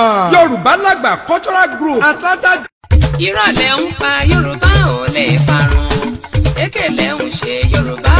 Ah. yorùbá làgbà cultural group atlanta. ìrọ̀lẹ́ ń pa yorùbá ò lè parun èkèlè ń ṣe yorùbá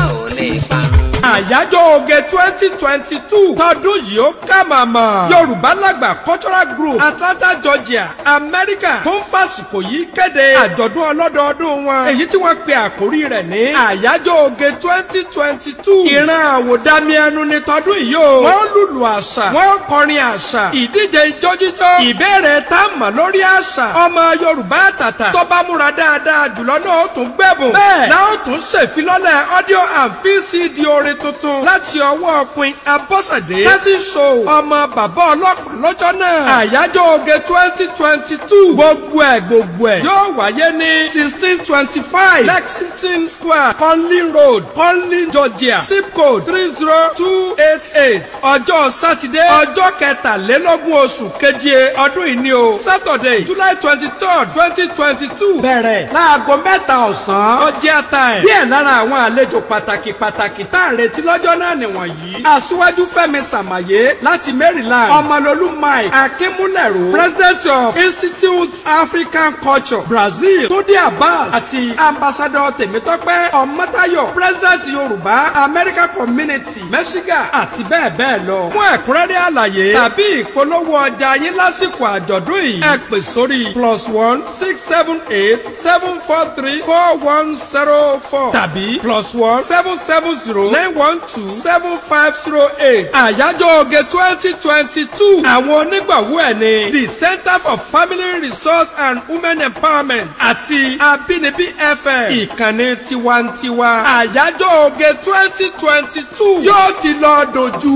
àyájọ́ oge twenty twenty two tọdún yìí ó kà màmá yorùbá lágbà cultural group atlanta georgia America tó ń fàsìkò yìí kéde àjọ̀dún ọlọ́dọọdún wọn èyí tí wọ́n pe àkórí rẹ̀ ní àyájọ́ oge twenty twenty two ìran àwòdámi ẹnu ni tọdún yìí o wọ́n lùlù àṣà wọ́n kọrin àṣà ìdíje ijó jíjó ìbéèrè tá a mọ̀ lórí àṣà ọmọ yorùbá àtàtà tó bá múra dáadáa jùlọ náà ó tún gbẹ̀bùn bẹ́ẹ̀ náà ó tún ṣèfilọ́lẹ̀ audio and vcd orin tuntun tuntun láti ọwọ́ Queen Abọ́sẹ̀dé tẹ́sí show ọmọ bàbá ọlọ́pàá lọ́jọ́ náà àyájọ́ oge twenty twenty two gbogbo ẹ̀ gbogbo ẹ̀ yóò wáyé ní sixteen twenty five Lexington Square Conley Road Conley, Georgia zip code three zero two eight eight ọjọ́ sátidé ọjọ́ kẹtàlélógún oṣù keje ọdún yìí o Saturday July twenty third twenty twenty two bẹ̀rẹ̀ láago mẹ́ta ọ̀sán ọjẹ́ time díẹ̀ lára àwọn àlejò pàtàkì pàtàkì tá à ń retí àti lọ́jọ́ náà nìwọ̀nyí. aṣíwájú fẹ́mi sàmàyé láti maryland ọmọlolú mike akínmúlẹ̀rọ president of institute african culture brazil túndé abbas àti ambassador tèmítọ́pẹ́ ọmọ́tayọ̀ president yorùbá american community michigan àti bẹ́ẹ̀ bẹ́ẹ̀ lọ. fún ẹ̀kúnrẹ́rẹ́ àlàyé tàbí ìpolówó ọjà yín lásìkò àjọ̀dún yìí ẹ pè sórí plus one six seven eight seven four three four one zero four tàbí plus one seven seven zero nine one two seven five zero eight àyájọ́ oge twenty twenty two àwọn onígbàwọ́ ẹ̀ ni the Center for Family Resource and Women Empowerment àti Abínibí FM ìkànnì tiwantiwa àyájọ́ oge twenty twenty two yóò ti lọ dojú.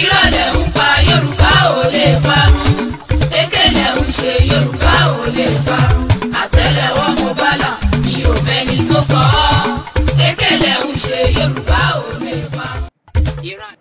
ìrọ̀lẹ́ ń pa Yorùbá ò lè parun kékeré ń ṣe Yorùbá ò lè parun àtẹ́lẹwọ́ Mobala mi ò mẹ́ni tó kọ́ ọ́ kékeré ń ṣe Yorùbá. You're right.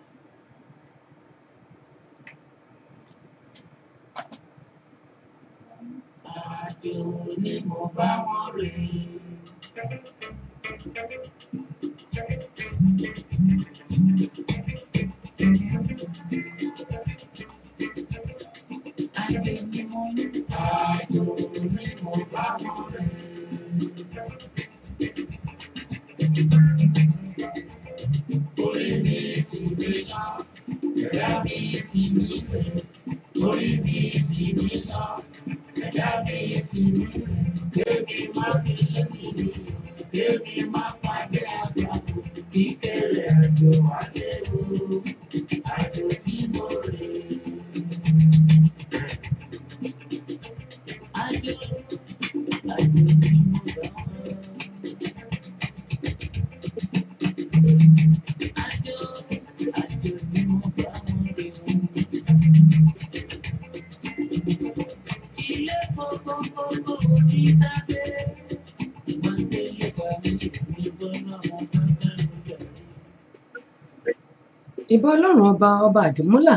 ìjọba ọba àdìmúlà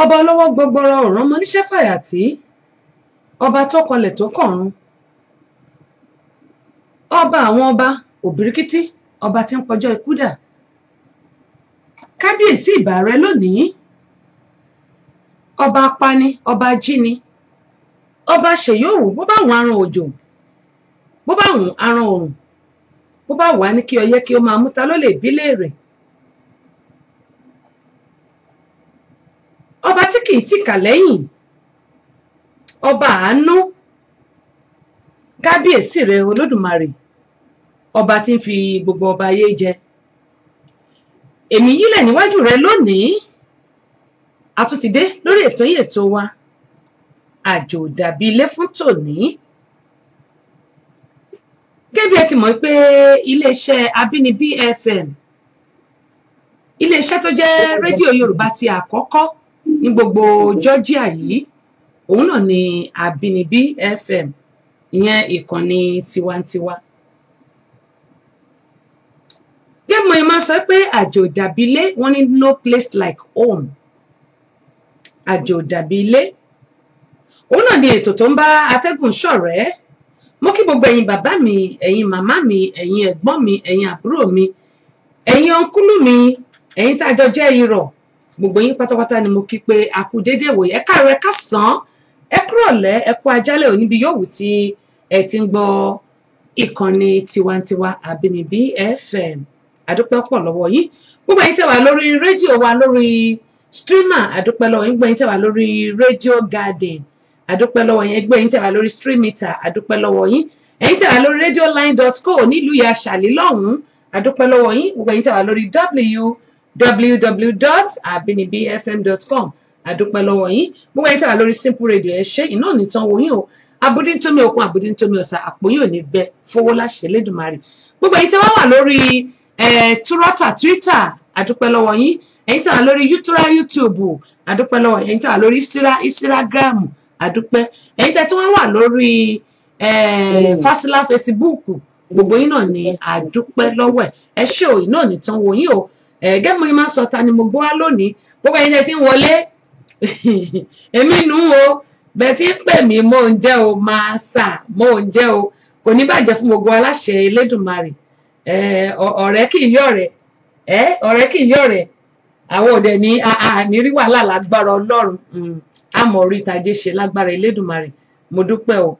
ọba olówó gbọgbọrọ ọ̀ràn mọ níṣẹ́ fàyàtì ọba tó kọlẹ̀ tó kọ̀run ọba àwọn ọba òbíríkítí ọba tí ń pọjọ́ ikú dà kábíyèsí ìbà rẹ lónìí ọba apani ọba jíni ọba ṣèyóòwò bó bá wọn aràn òjò bó bá wọn aràn òrùn bó bá wà á ní kí ọyẹ́ kí ó máa mú ta ló lè bí léèrè tí kì í tìkà lẹ́yìn ọba àánú kábíyèsí rẹ olódùmarè ọba tí ń fi gbogbo ọba ayé jẹ èmi yílẹ̀ níwájú rẹ lónìí a lórí ètò yìí ètò wa àjò dàbí ilé fún tòní gẹ́gẹ́ bí ẹ ti mọ̀ pé iléeṣẹ́ Abínibí FM iléeṣẹ́ tó jẹ́ rédíò Yorùbá ti àkọ́kọ́ ní gbogbo Georgia yìí òun náà ni Àbínibí FM ìyẹn ìkànnì tiwantiwa. gẹ́gẹ́ mo máa sọ pé àjò dàbí ilé wọ́n ní no place like home àjò dàbí ilé òun náà ni ètò tó ń bá atẹ́gùn ṣọ̀rẹ́ mo kí gbogbo ẹ̀yin bàbá mi ẹ̀yin màmá mi ẹ̀yin ẹ̀gbọ́n mi ẹ̀yin àbúrò mi ẹ̀yin ọ̀nkúlù mi ẹ̀yin tá a jọ jẹ́ irọ̀ gbogbo yín pátápátá ni mo kí pé a kú déédéé wòye ẹ káàárọ̀ ẹ káàsán ẹ kúrọ̀lẹ́ ẹ kú ajálẹ̀ òní bí yòówù tí ẹ ti ń gbọ́ ìkànnì tiwantiwa àbínibí fm àdúpẹ́ pọ̀ lọ́wọ́ yín gbogbo yín tẹ̀ wá lórí rédíò wa lórí streamer àdúpẹ́ lọ́wọ́ yín gbogbo yín tẹ̀ wá lórí radio garden àdúpẹ́ lọ́wọ́ yín gbogbo yín tẹ̀ wá lórí streamita àdúpẹ́ lọ́wọ́ yín ẹ̀yin tẹ̀ wá lórí radioline.co nílùú yà ṣàlélọ́hún àdúpẹ́ lọ́wọ́ yín gbogbo yín tẹ̀ wá lórí w www.abinibifm.com àdúpẹ́ lọ́wọ́ yín gbogbo ẹ̀yin tí wà lórí simple radio ẹ ṣé iná nìtàn wo yín o abudintomi òkun abudintomi ọ̀sà àpò yín ò ní bẹ fowó láṣẹ lẹ́dùnmarè gbogbo ẹ̀yin tí wọ́n wà lórí túrọ́tà twitter àdúpẹ́ lọ́wọ́ yín ẹ̀yin tí wà lórí yútúrá youtube àdúpẹ́ lọ́wọ́ yín ẹ̀yin tí wà instagram àdúpẹ́ ẹ̀yin tí wọ́n wà lórí mm. fásilà facebook gbogbo yín náà ní àdúpẹ́ lọ́wọ́ ẹ̀ ẹ ṣé o iná nìtàn wo yín o ẹ̀ẹ́gẹ́ mo máa ń sọ ta ni mo gbọ́ wá lónìí gbogbo ẹ̀yin tí ń wọlé èmi nù ú o bẹ́ẹ̀ tí ń pè mí mò ń jẹ́ o máa sà mò ń jẹ́ o kò ní bàjẹ́ fún gbogbo aláṣẹ Elédùmarè ọ̀rẹ́ kì í yọ̀rẹ́ ọ̀rẹ́ kì í yọ̀rẹ́ àwọn òde ní ànírí wàhálà lágbára Ọlọ́run àmọ̀ hmm, orí ṣe lágbára Elédùmarè mo dúpẹ́ o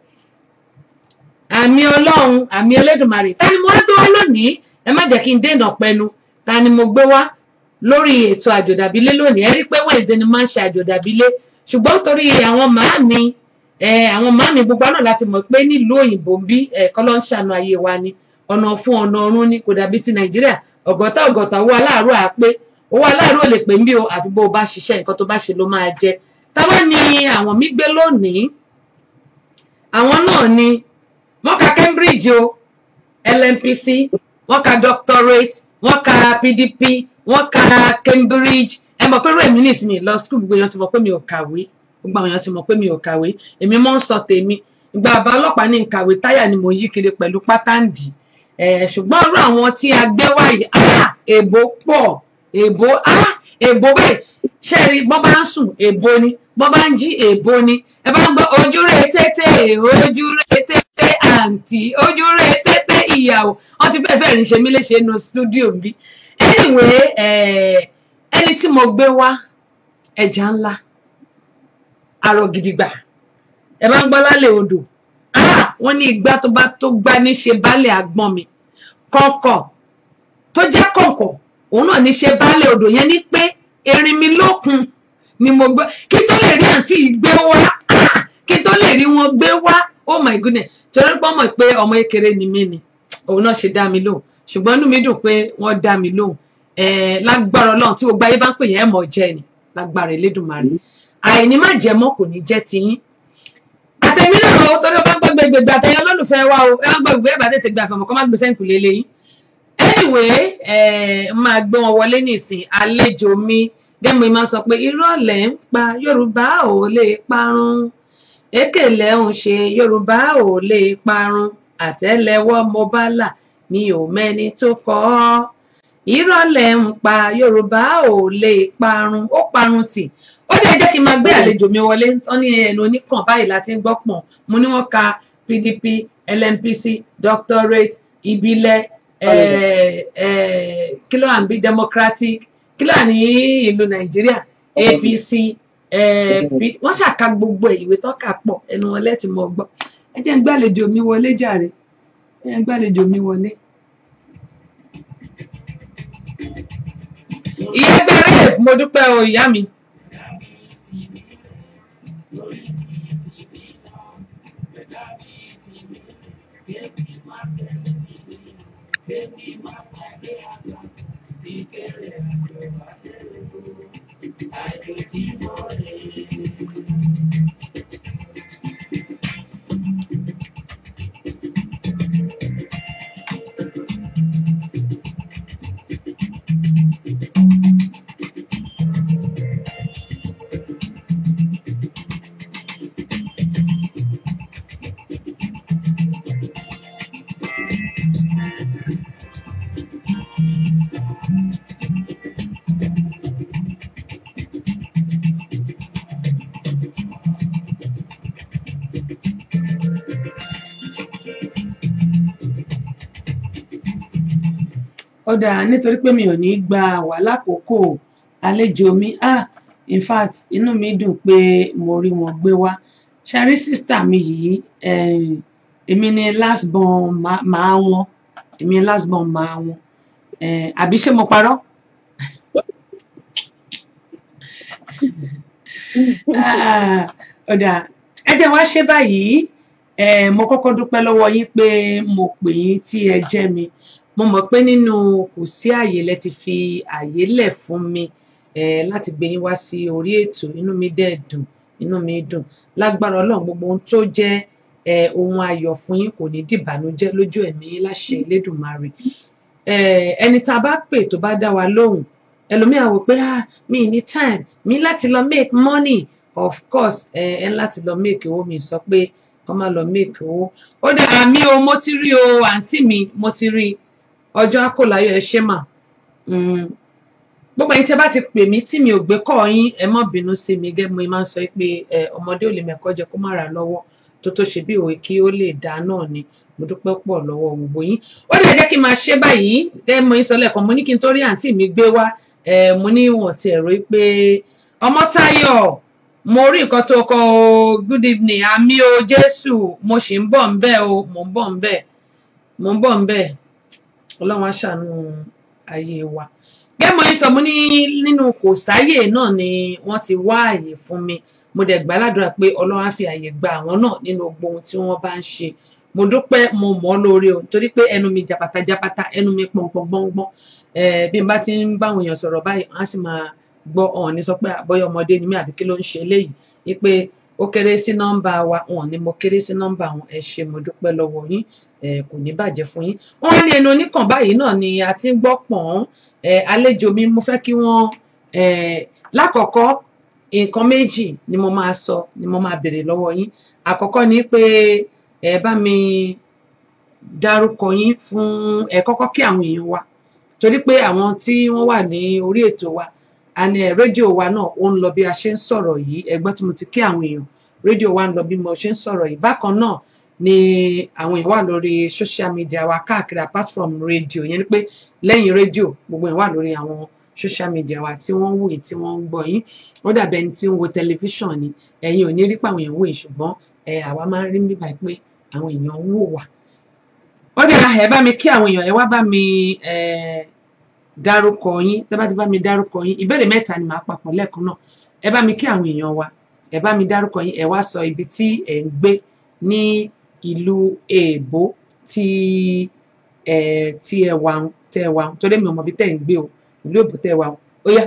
àmì Ọlọ́run àmì Elédùmarè tani mo wá gbé wá lónìí ẹ má jẹ́ kí n dènà pẹnu ta ni mo gbé wá lórí ètò àjòdàbílé lónìí ẹ rí pé Wednesday ni máa ń ṣe àjòdàbílé ṣùgbọ́n torí àwọn màámi àwọn màámi gbogbo náà láti mọ̀ pé nílùú òyìnbó ń bí ẹ̀kọ́ ló ń ṣàánú ayé wa ni ọ̀nà fún ọ̀nà ọ̀run ni kò dàbí ti Nàìjíríà ọ̀gọ́ta ọ̀gọ́ta owó aláàárọ̀ à pé owó aláàárọ̀ lè pè ń o àfi bó o bá ṣiṣẹ́ nǹkan tó bá ṣe ló máa jẹ táwa ni àwọn mí gbé lónìí àwọn náà ni wọ́n ka Cambridge o LMPC wọ́n ka doctorate wọ́n ka PDP wọ́n ka Cambridge ẹ mọ̀ pé rẹmi nísìnyí lọ skul gbogbo èèyàn ti mọ̀ pé mi ò kàwé gbogbo àwọn èèyàn ti mọ̀ pé mi ò kàwé èmi mọ̀ ń sọ tèmi ìgbà àbá ọlọ́pàá ní nkàwé táyà ni mo yí kiri pẹ̀lú pátánìdì ṣùgbọ́n ọ̀rọ̀ àwọn tí a gbé wáyé èbó pọ̀ èbó èbó bẹ́ẹ̀ ṣe rí bọ́ bá ń sùn èbó ni bọ́ bá ń jí èbó ni ẹ bá ń gbọ́ ojúre tètè ojúre tètè àǹtí ojúre tètè pé ìyàwó wọn ti fẹ́ẹ́ fẹ́ẹ́ ṣe mí léṣe nu studio bí anyway eh, ẹni tí mo gbé wá ẹja ńlá arọ gidigba ẹ bá ń gbọ́ lálẹ́ odò ah, wọ́n ní igbá tó bá tó gbá ní ṣe baálẹ̀ àgbọ̀n mi kọ̀ọ̀kọ̀ tó jẹ́ kọ̀ọ̀kọ̀ òun náà ní ṣe baálẹ̀ odò yẹn ni pé erin mi lókun ni mo gbọ́ kí tó lè rí àǹtí yìí gbé wá kí tó lè rí wọn gbé wá oh my goodness torí pé mọ̀ pé ọmọ kékeré ni mí ni òun náà ṣe dá mi lóhùn ṣùgbọ́n inú mi dùn pé wọ́n dá mi lóhùn lágbára ọlọ́run tí gbogbo ayé bá ń pè yẹn mọ̀ jẹ́ ni lágbára elédùnmarè àìní má jẹ́ mọ́ kò ní jẹ́ tiyín àtẹ̀mí náà o torí ọba ń gbọ́ gbẹgbẹgbẹ àtẹ̀yìn wa o ẹ má gbọ́ gbẹgbẹ bá tètè gbà kọ́ má gbèsè ń kùlé lẹ́yìn anyway máa gbé wọn wọlé nísìn àlejò mi dẹ́mu mi máa sọ ekele ń ṣe yorùbá ò lè parun àtẹ́lẹwọ́ mo mi ò mẹ́ni tó kọ ọ ìrọ̀lẹ́ ń pa yorùbá ò lè parun ó parun tì ó dẹ̀ jẹ́ kí n máa gbé àlejò mi wọlé tán ní ẹnu oníkàn báyìí láti ń gbọ́ pọ̀n mo ní wọ́n ka PDP LMPC doctorate ìbílẹ̀ kí ló wà ń democratic kí ló wà ní ìlú nàìjíríà APC wọ́n ṣàka gbogbo ìwé tọ́ka pọ̀ ẹnu wọn lẹ́tì mọ́ gbọ́ ẹ jẹ́ ń gbàlejò mi wọlé jàre ẹ jẹ́ ń gbàlejò mi wọlé. ìyá bẹ̀rẹ̀ mo dúpẹ́ o ìyá mi. Thank you. I do tea morning. ọ̀dà nítorí pé mi ò ní gba wàhálà kókó àlejò mi ah in fact inú mi dùn pé mo rí wọn gbé wá ṣàrí sísítà mi yìí èmi ni last born màá wọn èmi last born màá wọn àbí ṣé mo parọ́ ọ̀dà ah, ẹ jẹ́ wá ṣe báyìí mo kọ́kọ́ dúpẹ́ lọ́wọ́ yín pé mo pè yín tí ẹ jẹ́ mi mo mọ̀ pé nínú kò sí àyè lẹ ti fi àyè lẹ̀ fún mi láti gbé yín wá sí orí ètò inú mi dẹ̀ dùn inú mi dùn lágbára ọlọ́run gbogbo ohun tó jẹ́ ohun ayọ̀ fún yín kò ní dìbànújẹ́ lójú ẹ̀mí láṣẹ Elédùmarè ẹni tá a bá pè tó bá dá wa lóhùn ẹlòmíà wò pé ah mi ní time mi láti lọ make money of course ẹ ẹ láti lọ make owó mi sọ pé kọ́ máa lọ make owó ó dára mi o mo ti rí o àǹtí mi mo ti rí i ọjọ́ àkọláyọ̀ ẹ ṣé mà mm. gbogbo ẹni tí ẹ bá ti pè mí tí mi ò gbé kọ́ yín ẹ má bínú sí mi gẹ́gẹ́ mo máa ń sọ pé ọmọdé ò lè mẹ́kọ́ jẹ kó má ra lọ́wọ́ tó tó ṣe bí òwe kí ó lè dá náà ni mo dúpẹ́ pọ̀ lọ́wọ́ gbogbo yín ó lè jẹ́ kí n máa ṣe báyìí gẹ́gẹ́ mo ń sọ lẹ́ẹ̀kan mo ní kí n tó rí àǹtí mi gbé wá mo ní wọn ti ẹ̀rọ pé ọmọ Táyọ̀ mo rí nǹkan tó kọ o good evening àmì o Jésù mo sì ń bọ̀ ń bẹ́ẹ̀ o mo ń bọ̀ ń bẹ́ẹ̀ mo ń bọ̀ ń bẹ́ẹ̀ ọlọ́run aṣàánú ayé wa gẹ́gẹ́ mo yín sọ mo ní nínú kò sáyè náà ni wọ́n ti wá àyè fún mi mo dẹ̀ gbàládùra pé ọlọ́run á fi àyè gba àwọn náà nínú gbogbo ohun tí wọ́n bá ń ṣe mo dúpẹ́ mo mọ̀ ọ́ lóore o torí pé ẹnu mi jàpàtà jàpàtà ẹnu mi pọ̀npọ̀n gbọ́ngbọ́n bí n bá ti ń báwọn èèyàn sọ̀rọ̀ báyìí wọ́n á sì máa gbọ́ ọ̀hún ní sọ pé àbọ̀yọ̀ ọmọdé ni mí àbí kí ló ń ṣe eléyìí ó kéré sí nọ́mbà wa wọn ni mo kéré sí nọ́mbà wọn ẹ ṣé mo dúpẹ́ lọ́wọ́ yín ẹ kò ní bàjẹ́ fún yín wọn ní ẹnu oníkàn báyìí náà ni a ti ń gbọ́ pọ̀n ẹ àlejò mi mo fẹ́ kí wọ́n ẹ lákọ̀ọ́kọ́ nǹkan méjì ni mo máa sọ ni mo máa béèrè lọ́wọ́ yín àkọ́kọ́ ni pé ẹ bá mi dárúkọ yín fún ẹ kọ́kọ́ kí àwọn èèyàn wa torí pé àwọn tí wọ́n wà ní orí ètò wa and eh, rédíò wa náà ó ń lọ bí a ṣe ń sọ̀rọ̀ yìí ẹgbẹ́ tí mo ti kí àwọn èèyàn rédíò wa ń lọ bí mo ṣe ń sọ̀rọ̀ yìí bákan náà ni àwọn èèyàn wà lórí social media wa káàkiri apart from rédíò yẹn ni pé lẹ́yìn rédíò gbogbo èèyàn wà lórí àwọn social media wa tí wọ́n ń wòye tí wọ́n ń gbọ́ yín ó dàbẹ̀ ẹni tí ń wo tẹlifíṣàn ni ẹ̀yin ò ní rí pàwọn èèyàn wòye ṣùgbọ́n eh, àwa máa ń rí nígbà pé àwọn èèyàn wò wá ó dẹ̀ ẹ bá mi kí àwọn èèyàn ẹ wá bá mi eh, dárúkọ yín tẹ́ bá ti bá mi dárúkọ yín ìbéèrè mẹ́ta ni màá papọ̀ lẹ́ẹ̀kan náà ẹ bá mi kí àwọn èèyàn wa ẹ bá mi dárúkọ yín ẹ wá sọ ibi tí ẹ ń gbé ní ìlú èèbó tí ẹ tí ẹ wà ń tẹ ẹ wà ń torí mi ò mọ ibi tẹ́ ń gbé o ìlú èèbó tẹ́ wà ń ó yá.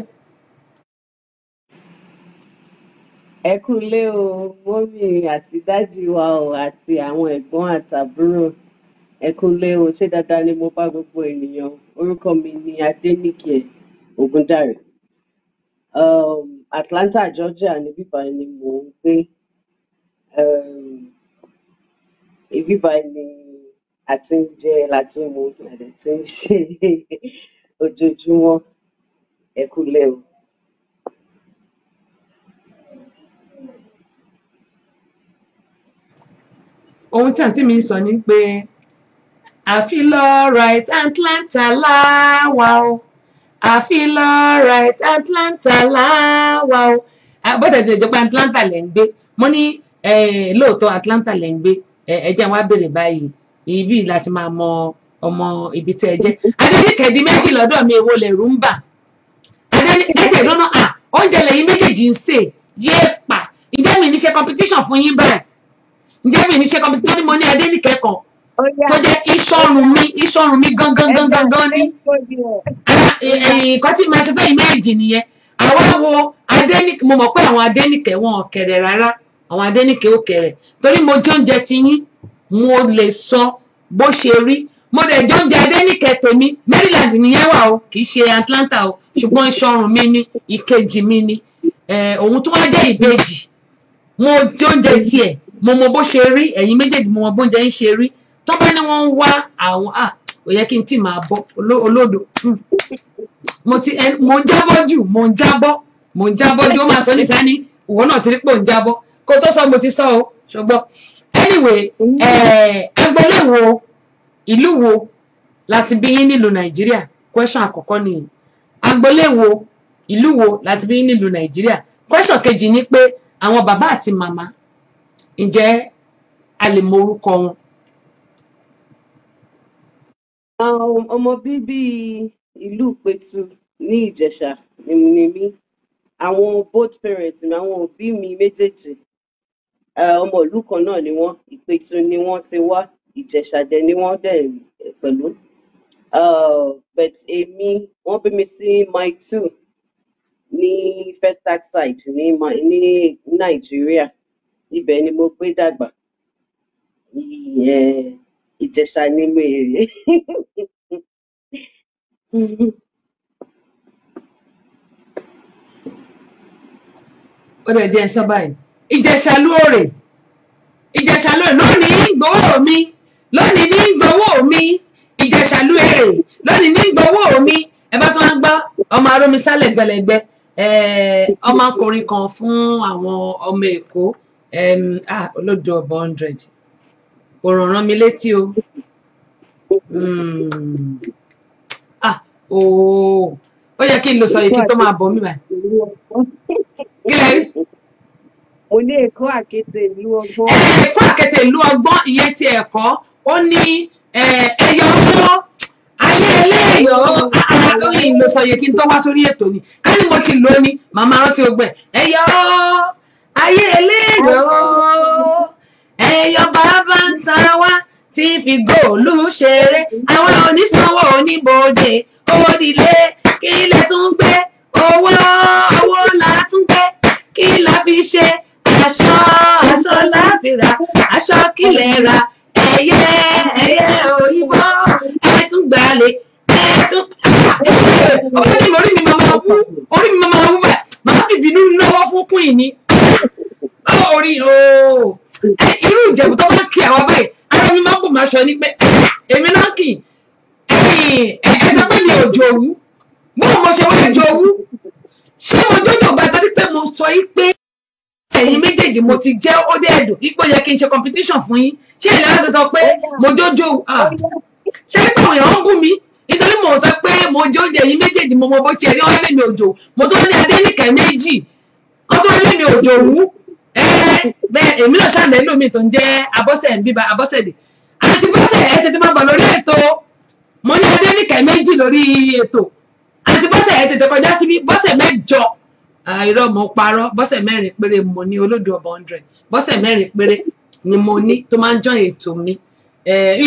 ẹ kúlé o mọ́mì àti dádì wa o àti àwọn ẹ̀gbọ́n àtàbúrò ẹ kúnlẹ o ṣé dáadáa ni mo bá gbogbo ènìyàn orúkọ mi ní adẹnìke ogundare um, atlanta georgia ní bíbáyìí ni mò ń gbé um, ibi báyìí ni a ti ń jẹ láti mu àdẹ tí ń ṣe ojoojúmọ ẹ kúnlẹ o ohun tí àǹtí mi ń sọ ni pé àfi lọ́ọ̀rẹ́t Atlanta láwa o àfi lọ́ọ̀rẹ́t Atlanta láwa o bọ́dà ìdílé ìjọba Atlanta lẹ̀ ń gbé mo ní lóòótọ́ Atlanta lẹ̀ ń gbé ẹ̀jẹ̀ wa béèrè báyìí ibi láti máa mọ ọmọ ibi tẹ́ ẹ jẹ́ adédèkẹ́dí méjì lọ́dọ̀ mi èwo lẹ̀ rúmbà adédèkẹ́dí lọ́nà à oúnjẹ lẹ́yìn méjèèjì ń sè yé pa ǹjẹ́ mi ní ṣe competition fún yín báyìí ǹjẹ́ mi ní ṣe competition ní mo ní adénìkẹ́ kan tó jẹ́ ìṣọ́run mi ìṣọ́run mi gangan gangan gan ni nǹkan tí màá ṣe fẹ́ ìmẹ́ẹ̀jì nìyẹn àwa wo adẹ́nìkẹ́ mo mọ̀ pé àwọn adẹ́nìkẹ́ wọn ò kéré rárá àwọn adẹ́nìkẹ́ ò kéré torí mo jẹ oúnjẹ ti yín mo lè sọ bó ṣe rí mo dẹ̀ jẹ oúnjẹ adẹ́nìkẹ́ tèmi Maryland nìyẹn wà o kì í ṣe Atlanta o ṣùgbọ́n ìṣọ́run mi ni ìkejì mi ni òun tó wá jẹ́ ìbejì mo jẹ oúnjẹ tiẹ̀ mo mọ̀ bó ṣe rí ẹ̀yin méjèèjì mo mọ̀ bó oúnjẹ ń ṣe rí tó bá ní wọ́n ń wá àwọn à ah, ò yẹ kí n tì máa bọ́ olódo hmm. mo ti mo ń jábọ́ jù mo ń jábọ́ mo ń jábọ́ jù ó máa sọ nìsá ní ìwọ náà ti rí pò ń jábọ́ kó tó sọ mo ti sọ o ṣùgbọ́n anyway agbẹ́lẹ̀wò ìlú wo láti bí yín nílùú nàìjíríà question àkọ́kọ́ nìyí agbẹ́lẹ̀wò ìlú wo láti bí yín nílùú nàìjíríà question kejì ni pé àwọn bàbá àti màmá ǹjẹ́ a lè mọ orúkọ wọn um ọmọ bíbí ìlú ìpẹtù ní ìjẹsà ni mí àwọn both parents mi àwọn òbí mi méjèèjì um ọmọ ìlú kan náà ni wọn ìpẹtù ni wọn ti wá ìjẹsà dẹ ni wọn dẹ pẹlú um but èmi wọn bí mi sí mile two ní festac site ní Mi- ní nàìjíríà ibẹ ni mo gbé dàgbà ìyẹn Ìjẹ̀ṣà ni Mèrè. ó dẹ̀ jẹ́ sọ báyìí Ìjẹ̀ṣà lóore Ìjẹ̀ṣà lóore lónìí ní gbowó mi lónìí ní gbowó mi Ìjẹ̀ṣà lóore lónìí ní gbowó mi ẹ bá tún wá gbọ́ ọmọ arómi sálẹ̀ gbẹlẹgbẹ ọmọkùnrin kan fún àwọn ọmọ Èkó ah, olódò ọ̀bọ̀ hundred ọ̀rọ̀ rán mi létí o hmm. ah ooo ó yẹ kí n lo sọyìn kí n tó máa bọ̀ mí báyìí kílẹ̀ rí. mo ní ẹ̀kọ́ àkété ìlú ọgbọ́n. ẹ̀kọ́ àkété ìlú ọgbọ́n ìyẹn ti ẹ̀kọ́ ó ní ẹyọ ọgbọ́n ayé ẹlẹ́yọ̀ lórí ìlòsọyè kí n tó wá sórí ètò ni ká ní mo ti lò ó ní màmá rántí ogbẹ́ ẹyọ ayé ẹlẹ́yọ̀ ẹ̀yọ́ bàbá ń tara wá tí fi góòlù ṣeré àwọn onísanwó oníbòde òdìlé kí ilẹ̀ tún gbé owó owó la tún gbé kí la fi ṣe aṣọ aṣọ la ra aṣọ kílẹ̀ ra ẹyẹ ẹyẹ òyìnbó ẹ tún gbalẹ̀ ẹ tún. ọ̀sẹ̀ ni mo rí mi máa wú orí mi máa wú báyìí màá fi bínú lọ́wọ́ fún queen ni. báwo ah, rí o. Eh, irú ìjẹ̀bù tó bá kí àwa báyìí ara mi máa ń bò máa ṣọ ni pé ah, èmi náà kì ẹ̀ẹ́dá pé mi ò jò owú bó mo ṣe wá jò owú ṣé mo jọjọ bá torí pé mo sọ yí pé ẹ̀yin méjèèjì mo ti jẹ́ ó dé ẹ̀dùn ipò yẹ kí n ṣe competition fún yín ṣé ìlera ti sọ pé mo jọjọ owú ah. ṣé nípa àwọn èèyàn ń gún mi nítorí mo sọ pé mo jẹ oúnjẹ yìí méjèèjì mo mọ bó ṣe rí ọ́n lé mi òjò mo tún ní adé nìkẹ́ méjì ọ́n tún lé mi òjò òwú ẹ bẹ́ẹ̀ èmi náà ṣàlẹ́ lómi tó ń jẹ́ abọ́sẹ̀ ń bíba abọ́sẹ̀dé àti bọ́sẹ̀ ẹ tètè máa bọ̀ lórí ètò mo ní adẹ́nìkẹ́ méjì lórí ètò àti bọ́sẹ̀ ẹ tètè kọjá síbi bọ́sẹ̀ mẹ́jọ irọ́ mo parọ́ bọ́sẹ̀ mẹ́rin péré mo ní olódò ọba hundred bọ́sẹ̀ mẹ́rin péré ni mo ní tó máa ń jọyìn ètò mi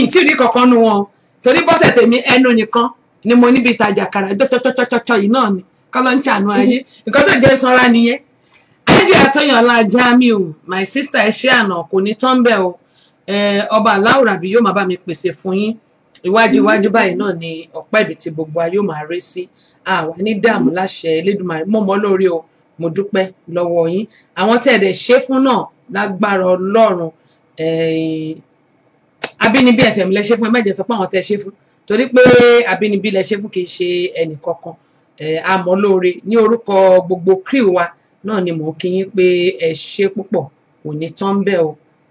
n tí rí kankan nu wọn torí bọ́sẹ̀ tèmi ẹnu nìkan ni mo níbi ìtajà kàrà dọ́tọ́tọ́tọ́tọ́ yìí náà ni kọ́lọ́ ń ṣàánú ayé nǹkan tó jẹ́ sanra nìyẹn Lady Atoyinla Jamiu my sister ẹ ṣe àná kò ní tán bẹ́ẹ̀ o ọba aláwọ̀ ràbí yóò máa bá mi pèsè fún yín iwájú iwájú báyìí náà ni ọ̀pẹ́ ibi tí gbogbo ayé máa rí sí àwa ní dààmú láṣẹ Elédùmarè mọ̀ mọ́ lórí o mo dúpẹ́ lọ́wọ́ yín àwọn tẹ̀ dẹ̀ ṣe fún náà lágbára Ọlọ́run abínibí ẹ̀fẹ̀ mi lẹ ṣe fún ẹ mẹ́jẹ sọ pé àwọn tẹ̀ ṣe fún torí pé abínibí lẹ ṣe fún kì í ṣe ẹnì àmọ́ lóore ní orúkọ gbogbo crew náà ni mò ń kí yín pé ẹ ṣe púpọ̀ kò ní tán bẹ́ẹ̀ o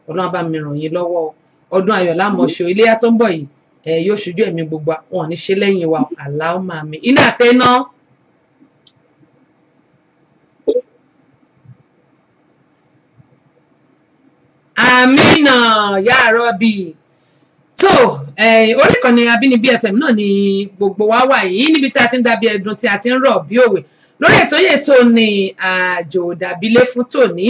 ọlọ́run bá mi ràn yín lọ́wọ́ o ọdún ayọ̀ lámọ̀ṣọ́ iléyà tó ń bọ̀ yìí ẹ yóò ṣojú ẹ̀mí gbogbo wọn ní ṣe lẹ́yìn wa aláwọ̀ máa mi iná àtẹ́ náà. àmínà yàrá bíi tó orí ìkànnì Àbínibí FM náà ni gbogbo wa wà yìí níbi tí a ti ń dàbí ẹdun tí a ti ń rọ̀ bí òwe lórí ètò yìí ètò ní àjò òdàbílé fún tòní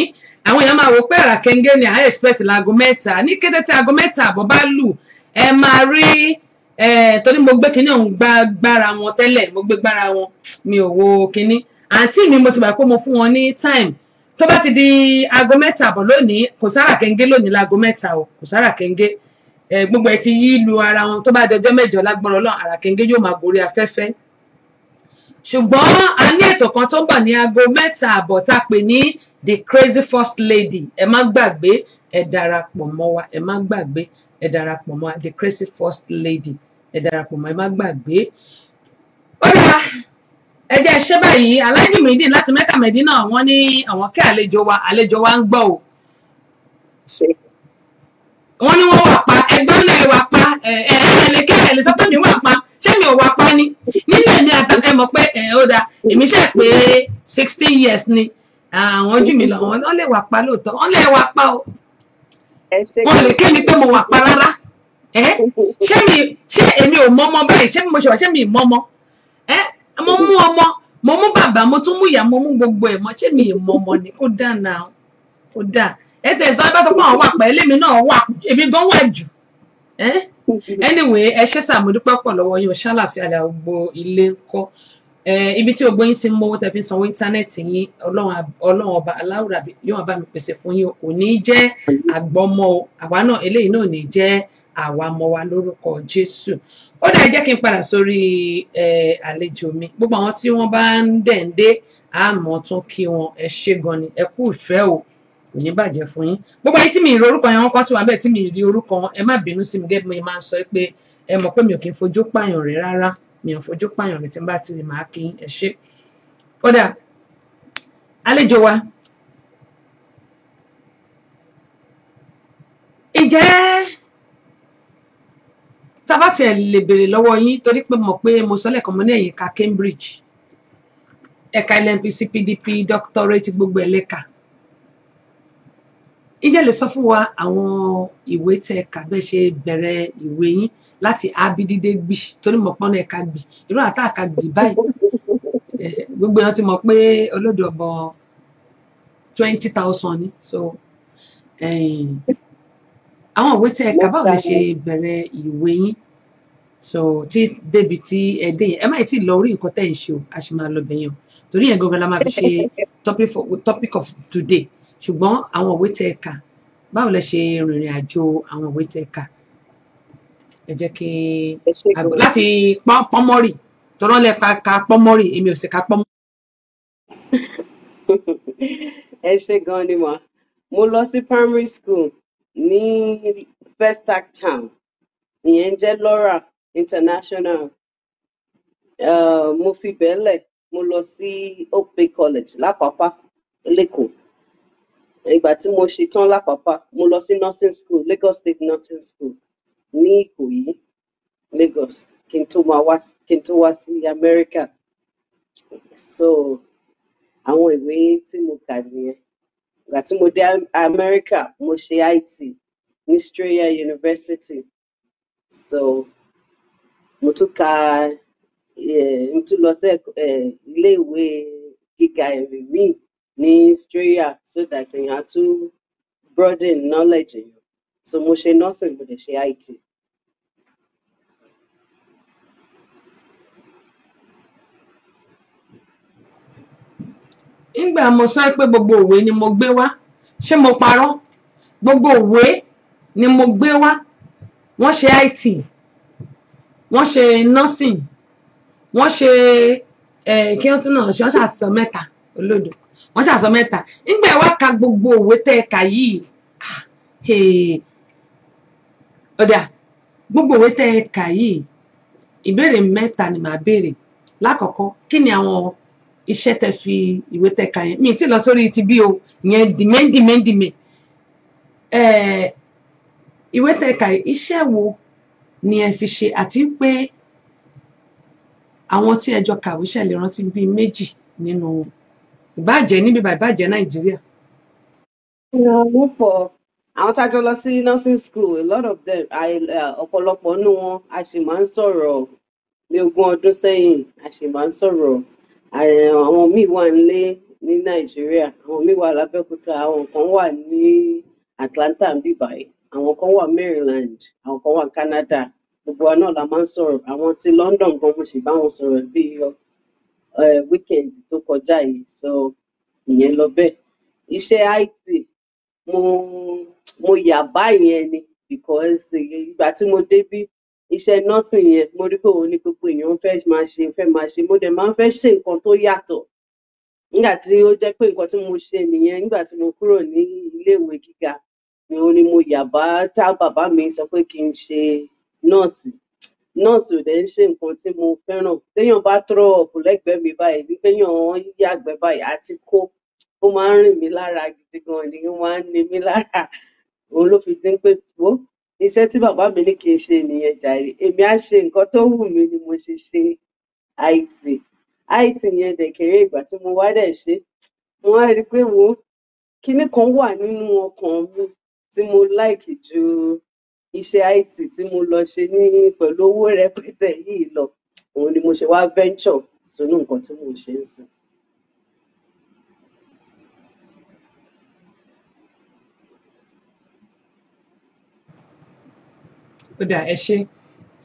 àwọn èèyàn máa wò pé àrà kẹ́ńgẹ́ ni àá expect láago mẹ́ta ní kété tí aago mẹ́ta àbọ̀ bá lù ẹ máa rí torí mo gbé kinní ọ̀hún gbára wọn tẹ́lẹ̀ mo gbé gbára wọn mi ò wo kinní àǹtí mi mo ti gbà pé mo fún wọn ní time tó bá ti di aago mẹ́ta àbọ̀ lónìí kò sára kẹ́ńgẹ́ lónìí láago mẹ́ta o kò sára kẹ́ńgẹ́ gbogbo ẹ ti yí lu ara wọn tó bá di ọjọ́ mẹ́jọ lágbọ́n Ọlọ́run àrà kẹ́ńgẹ́ yóò máa gorí afẹ́fẹ́ ṣùgbọ́n a ní ètò kan tó ń bọ̀ ní aago mẹ́ta àbọ̀ tá a pè ní the crazy first lady ẹ má gbàgbé ẹ darapọ̀ mọ́ wa ẹ má gbàgbé ẹ darapọ̀ mọ́ wa the crazy first lady ẹ darapọ̀ mọ́ ẹ má gbàgbé. ó dáa ẹ jẹ́ ṣé báyìí aláàjì Muideen láti Mẹ́kà Mẹ́dínà wọ́n ní àwọn kẹ́ àlejò wa àlejò wa ń gbọ́ o. wọ́n ní wọ́n wà pa ẹgbẹ́ ọ̀nà ẹ̀ wà pa ẹ̀ ẹ̀ ẹ̀ lè kẹ́ ẹ̀ lè sọ pé mi wà pa ṣé mi ò wá pa ni nílẹ̀ mi àtàkẹ́ mọ̀ pé ẹ̀ ó da èmi ṣe pé sixteen years ni àwọn ojú mi lọ wọn lè wà pa lóòótọ́ wọn lè wà pa o wọn lè kémi pé mo wà pa rárá ẹ ṣé mi ṣé èmi ò mọ́mọ́ báyìí ṣé mo ṣe wà ṣé mi mọ́mọ́ ẹ mo mú ọmọ mo mú bàbá mo tún mú ìyá mo mú gbogbo ẹ̀ mọ́ ṣé mi mọ́mọ́ ni kó dà náà kó dà ẹ tẹ̀sán ẹ bá fọ pé àwọn wà pa ẹ lèmi náà wà èmi gan wà jù Eh? Mm-hmm. anyway ẹ ṣe sà mo dúpẹ́ pọ̀ lọ́wọ́ yín o ṣàlàfíà rẹ̀ gbogbo ilé ń kọ́ ibi tí gbogbo yín ti ń mówó tẹ́ fi sanwó íńtánẹ́ẹ̀tì yín ọlọ́run ọba aláwùrà yóò bá mi pèsè fún yín kò ní jẹ́ àgbọ́mọ o àwa náà eléyìí náà ò ní jẹ́ àwa ọmọ wa lórúkọ jésù ó dà jẹ́ kí n padà sórí àlejò mi gbogbo àwọn tí wọ́n bá ń dẹ̀ ń dé àmọ́ tún kí wọn ẹ ṣé gan ni ẹ kú ìfẹ́ o kò ní bàjẹ́ fún yín gbogbo ayé tí mi rí orúkọ yẹn wọn kọ́ tí wà bẹ́ẹ̀ tí mi rí orúkọ ẹ má bínú sí mi gẹ́gẹ́ bí mo máa ń sọ pé ẹ mọ̀ pé mi ò kí ń fojú pààyàn rẹ̀ rárá mi ò fojú pààyàn rẹ̀ tí n bá ti lè máa kí ẹ ṣe. kódà àlejò wa ǹjẹ́ tábà tiẹ̀ lè béèrè lọ́wọ́ yín torí pé mọ̀ pé mo sọ lẹ́ẹ̀kan mo ní ẹ̀yìn Cambridge ẹ̀ka LMPC PDP doctorate gbogbo ẹ̀lẹ́ka ǹjẹ́ lè sọ fún wa àwọn ìwé tẹ ẹ̀ka bẹ́ẹ̀ ṣe bẹ̀rẹ̀ ìwé yín láti abídídé gbì torí mọ̀ pọ́n náà ẹ̀ka gbì irú àtà àka gbì báyìí eh, gbogbo èèyàn ti mọ̀ pé olódò ọ̀bọ twenty thousand ni so eh, àwọn ìwé tẹ ẹ̀ka báwo lè ṣe bẹ̀rẹ̀ ìwé yín so tí débi tí ẹ dé yẹn ẹ má tí ì lọ orí nǹkan tẹ̀ ń ṣe o a sì máa lọ bẹ̀yàn torí yẹn gangan la máa fi ṣe topic of today ṣùgbọ́n àwọn ìwé tẹ́ ẹ kà báwo lẹ ṣe rìnrìn àjò àwọn ìwé tẹ́ ẹ kà ẹ jẹ́ kí láti pọ́nmọ́rì tọ́rọ́ lẹ ka pọ́nmọ́rì èmi ò sì ka pọ́nmọ́rì. ẹ ṣe gan ni mo mo lọ sí primary school ní Festac Town ìyẹn jẹ́ Laura International uh, mo fi bẹ́ẹ̀ lẹ̀ mo lọ sí Hope College lápapá lẹ́kọ̀ọ́ ìgbà tí mo ṣe tán lápapá mo lọ sí nursing school Lagos State nursing school ní Ìkòyí Lagos kí n tó máa wá sí America so àwọn ìwé tí mo kà nìyẹn ìgbà tí mo dé America mo ṣe IT ní Strayer University so mo tún ka eh, mo tún lọ sí eh, ilé ìwé gíga ẹ̀rí míì ní Australia so that èèyàn á tún broaden knowledge èèyàn so mo ṣe nursing mo dẹ̀ ṣe IT. Nígbà mo sọ pé gbogbo òwe ni mo gbé wá ṣé mo parọ́ gbogbo òwe ni mo gbé wá wọ́n ṣe IT wọ́n ṣe nursing wọ́n ṣe eh, kí wọ́n tún náà ṣe wọ́n ṣàṣọ mẹ́ta olódò wọ́n ṣàṣọ mẹ́ta nígbà wá ka gbogbo òwe tẹ́ ẹ kà yìí ah, ọ̀dà gbogbo òwe tẹ́ ẹ kà yìí ìbéèrè mẹ́ta ni màá béèrè lákọ̀ọ́kọ́ kí ni àwọn iṣẹ́ tẹ́ fi ìwé tẹ́ kà yẹn mi ti lọ sórí ti bí o ìyẹn dìmẹ́ndìmẹ́ndìmẹ ìwé tẹ́ kà yìí iṣẹ́ wo ni ẹ fi ṣe àti pé àwọn tí ẹ jọ kàwé ṣẹlẹ̀ rántí bíi méjì nínú wọn ìbàjẹ́ níbi ìbàjẹ́ nàìjíríà. ìrànwọ́ pọ̀ àwọn tájọ lọ sí nursing school a lot of them ọ̀pọ̀lọpọ̀ nínú wọn a sì máa ń sọ̀rọ̀ ní ogún ọdún sẹ́yìn a sì máa ń sọ̀rọ̀ àwọn míì wà nílé ní nàìjíríà àwọn míì wà lábẹ́òkúta àwọn kan wà ní atlanta níbí báyìí àwọn kan wà maryland àwọn kan wà canada gbogbo wa náà la máa ń sọ̀rọ̀ àwọn ti london gan mo sì bá wọn sọ̀rọ̀ bíi weekend tó kọjá yìí so ìyẹn lọ bẹ́ẹ̀ iṣẹ́ IT mo mo yà bá ìyẹn ni because ìgbà tí mo débí iṣẹ́ nothing yẹn mo rí pé òun ni gbogbo èèyàn fẹ́ máa ṣe fẹ́ máa ṣe mo dẹ̀ máa ń fẹ́ ṣe nǹkan tó yàtọ̀ nígbà tí ó jẹ́ pé nǹkan tí mo ṣe nìyẹn nígbà tí mo kúrò ní iléèwé gíga ni mo yà bá tá bàbá mi sọ pé kí n ṣe nọ́ọ̀sì nọ́ọ̀sì ò dẹ̀ ń ṣe nǹkan tí mo fẹ́ràn téèyàn bá throw up lẹ́gbẹ̀ẹ́ mi báyìí ní téèyàn yàgbẹ́ báyìí àti kó ó máa ń rìn mí lára gidi gan ni ó máa ń ni mí lára òun ló fi dín pé wo iṣẹ́ tí bàbá mi ní kí n ṣe nìyẹn jàre èmi á ṣe nǹkan tó wù mí ni mo ṣe ṣe IT IT yẹn dẹ̀ ìgbà tí mo wá dẹ̀ ṣe mo wá rí i pé wo kinní kan wà nínú ọkàn mi tí mo like ju iṣẹ́ IT tí mo lọ ṣe ní pẹ̀lú owó rẹpẹtẹ yìí lọ òun ni mo ṣe wá venture sínú nǹkan tí mo ṣe ń sìn. ó dà ẹ ṣe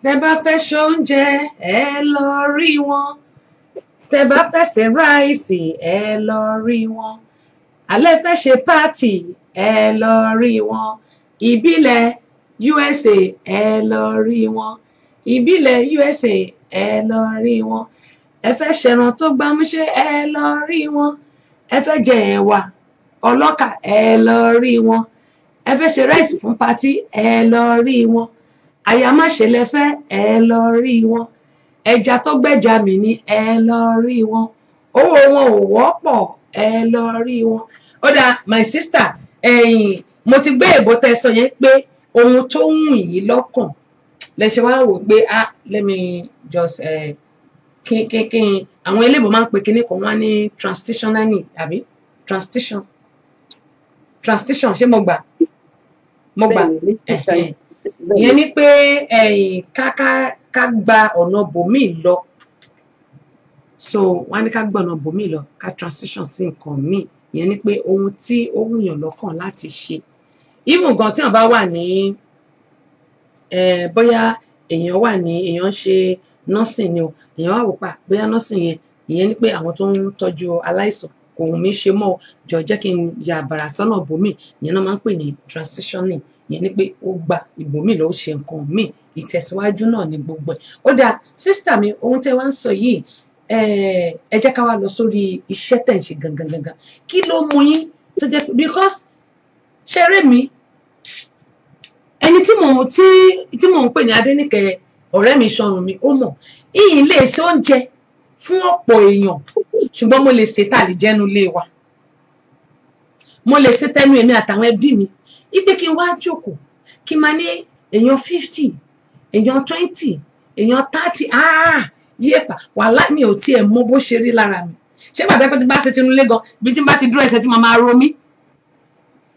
tẹ́ bá fẹ́ ṣoúnjẹ ẹ lọ rí wọn tẹ́ bá fẹ́ ráìsì ẹ lọ rí wọn alẹ́ fẹ́ ṣe pátì ẹ lọ rí wọn ìbílẹ̀ USA ẹ lọ rí wọn ìbílẹ̀ USA ẹ lọ rí wọn ẹ fẹ́ ṣẹran tó gbámúṣé ẹ lọ rí wọn ẹ fẹ́ jẹ ẹ̀wà ọlọ́kà ẹ lọ rí wọn ẹ fẹ́ ṣe rẹ́ẹ̀sì fún patí ẹ lọ rí wọn àyàmáṣe lẹ́fẹ́ ẹ lọ rí wọn ẹja tó gbẹ́ja mì ni ẹ lọ rí wọn owó wọn ò wọ́pọ̀ ẹ lọ rí wọn ó dáa my sister ẹ̀yìn mo ti gbé èbó tẹ sọ yẹn pé ohun tó ń wù yín lọ́kàn lẹ wá wò pé ah let me just eh, kí kí kí àwọn eléèbó máa ń pe kinní kan wá ní transitionally àbí transition transition ṣé mo gbà mo gbà ìyẹn ni pé ká ká ká gba ọ̀nà bòmíì lọ so wọn á ní ká gba ọ̀nà bòmíì lọ ká transition sí nǹkan míì ìyẹn ni pé ohun tí ó wùyàn lọ́kàn láti ṣe even gan tí wọ́n bá wà ní bóyá èèyàn wà ní èèyàn ṣe nursing ni o èèyàn wà wò pa bóyá nursing yẹn ìyẹn ni pé àwọn tó ń tọ́jú aláìsàn kò wù mí ṣe mọ́ jọ jẹ́ kí n ya àbàrà sọ́nà bòmí ìyẹn náà máa ń pè ní transitioning ìyẹn ni pé ó gba ìbòmí ló ṣe nǹkan míì ìtẹ̀síwájú náà ni gbogbo ẹ̀ ó dáa sísítà mi ohun tẹ́ wá ń sọ yìí ẹ jẹ́ ká wá lọ sórí iṣẹ́ tẹ̀ ń ṣe gangan gangan kí ló mú yín tó jẹ́ because ṣeré mi ẹni tí mò ń tí tí mò ń pè ní Adéníkẹ ọ̀rẹ́ mi sọrùn mi ó mọ̀ ìyìn lè ṣe oúnjẹ fún ọ̀pọ̀ èèyàn ṣùgbọ́n mo lè ṣe tá a lè jẹ́nu lé wa mo lè ṣe tẹnu èmi àtàwọn ẹbí mi ipe kí n wá jókòó kí n máa ní èèyàn fifty èèyàn twenty èèyàn thirty ah yéèpà wàhálà mi ò tiẹ̀ mọ bó ṣe rí lára mi ṣé pàtàkì tí bá ṣe tinú lé gan bí tí bá ti dúró ẹsẹ̀ tí màá máa ro mí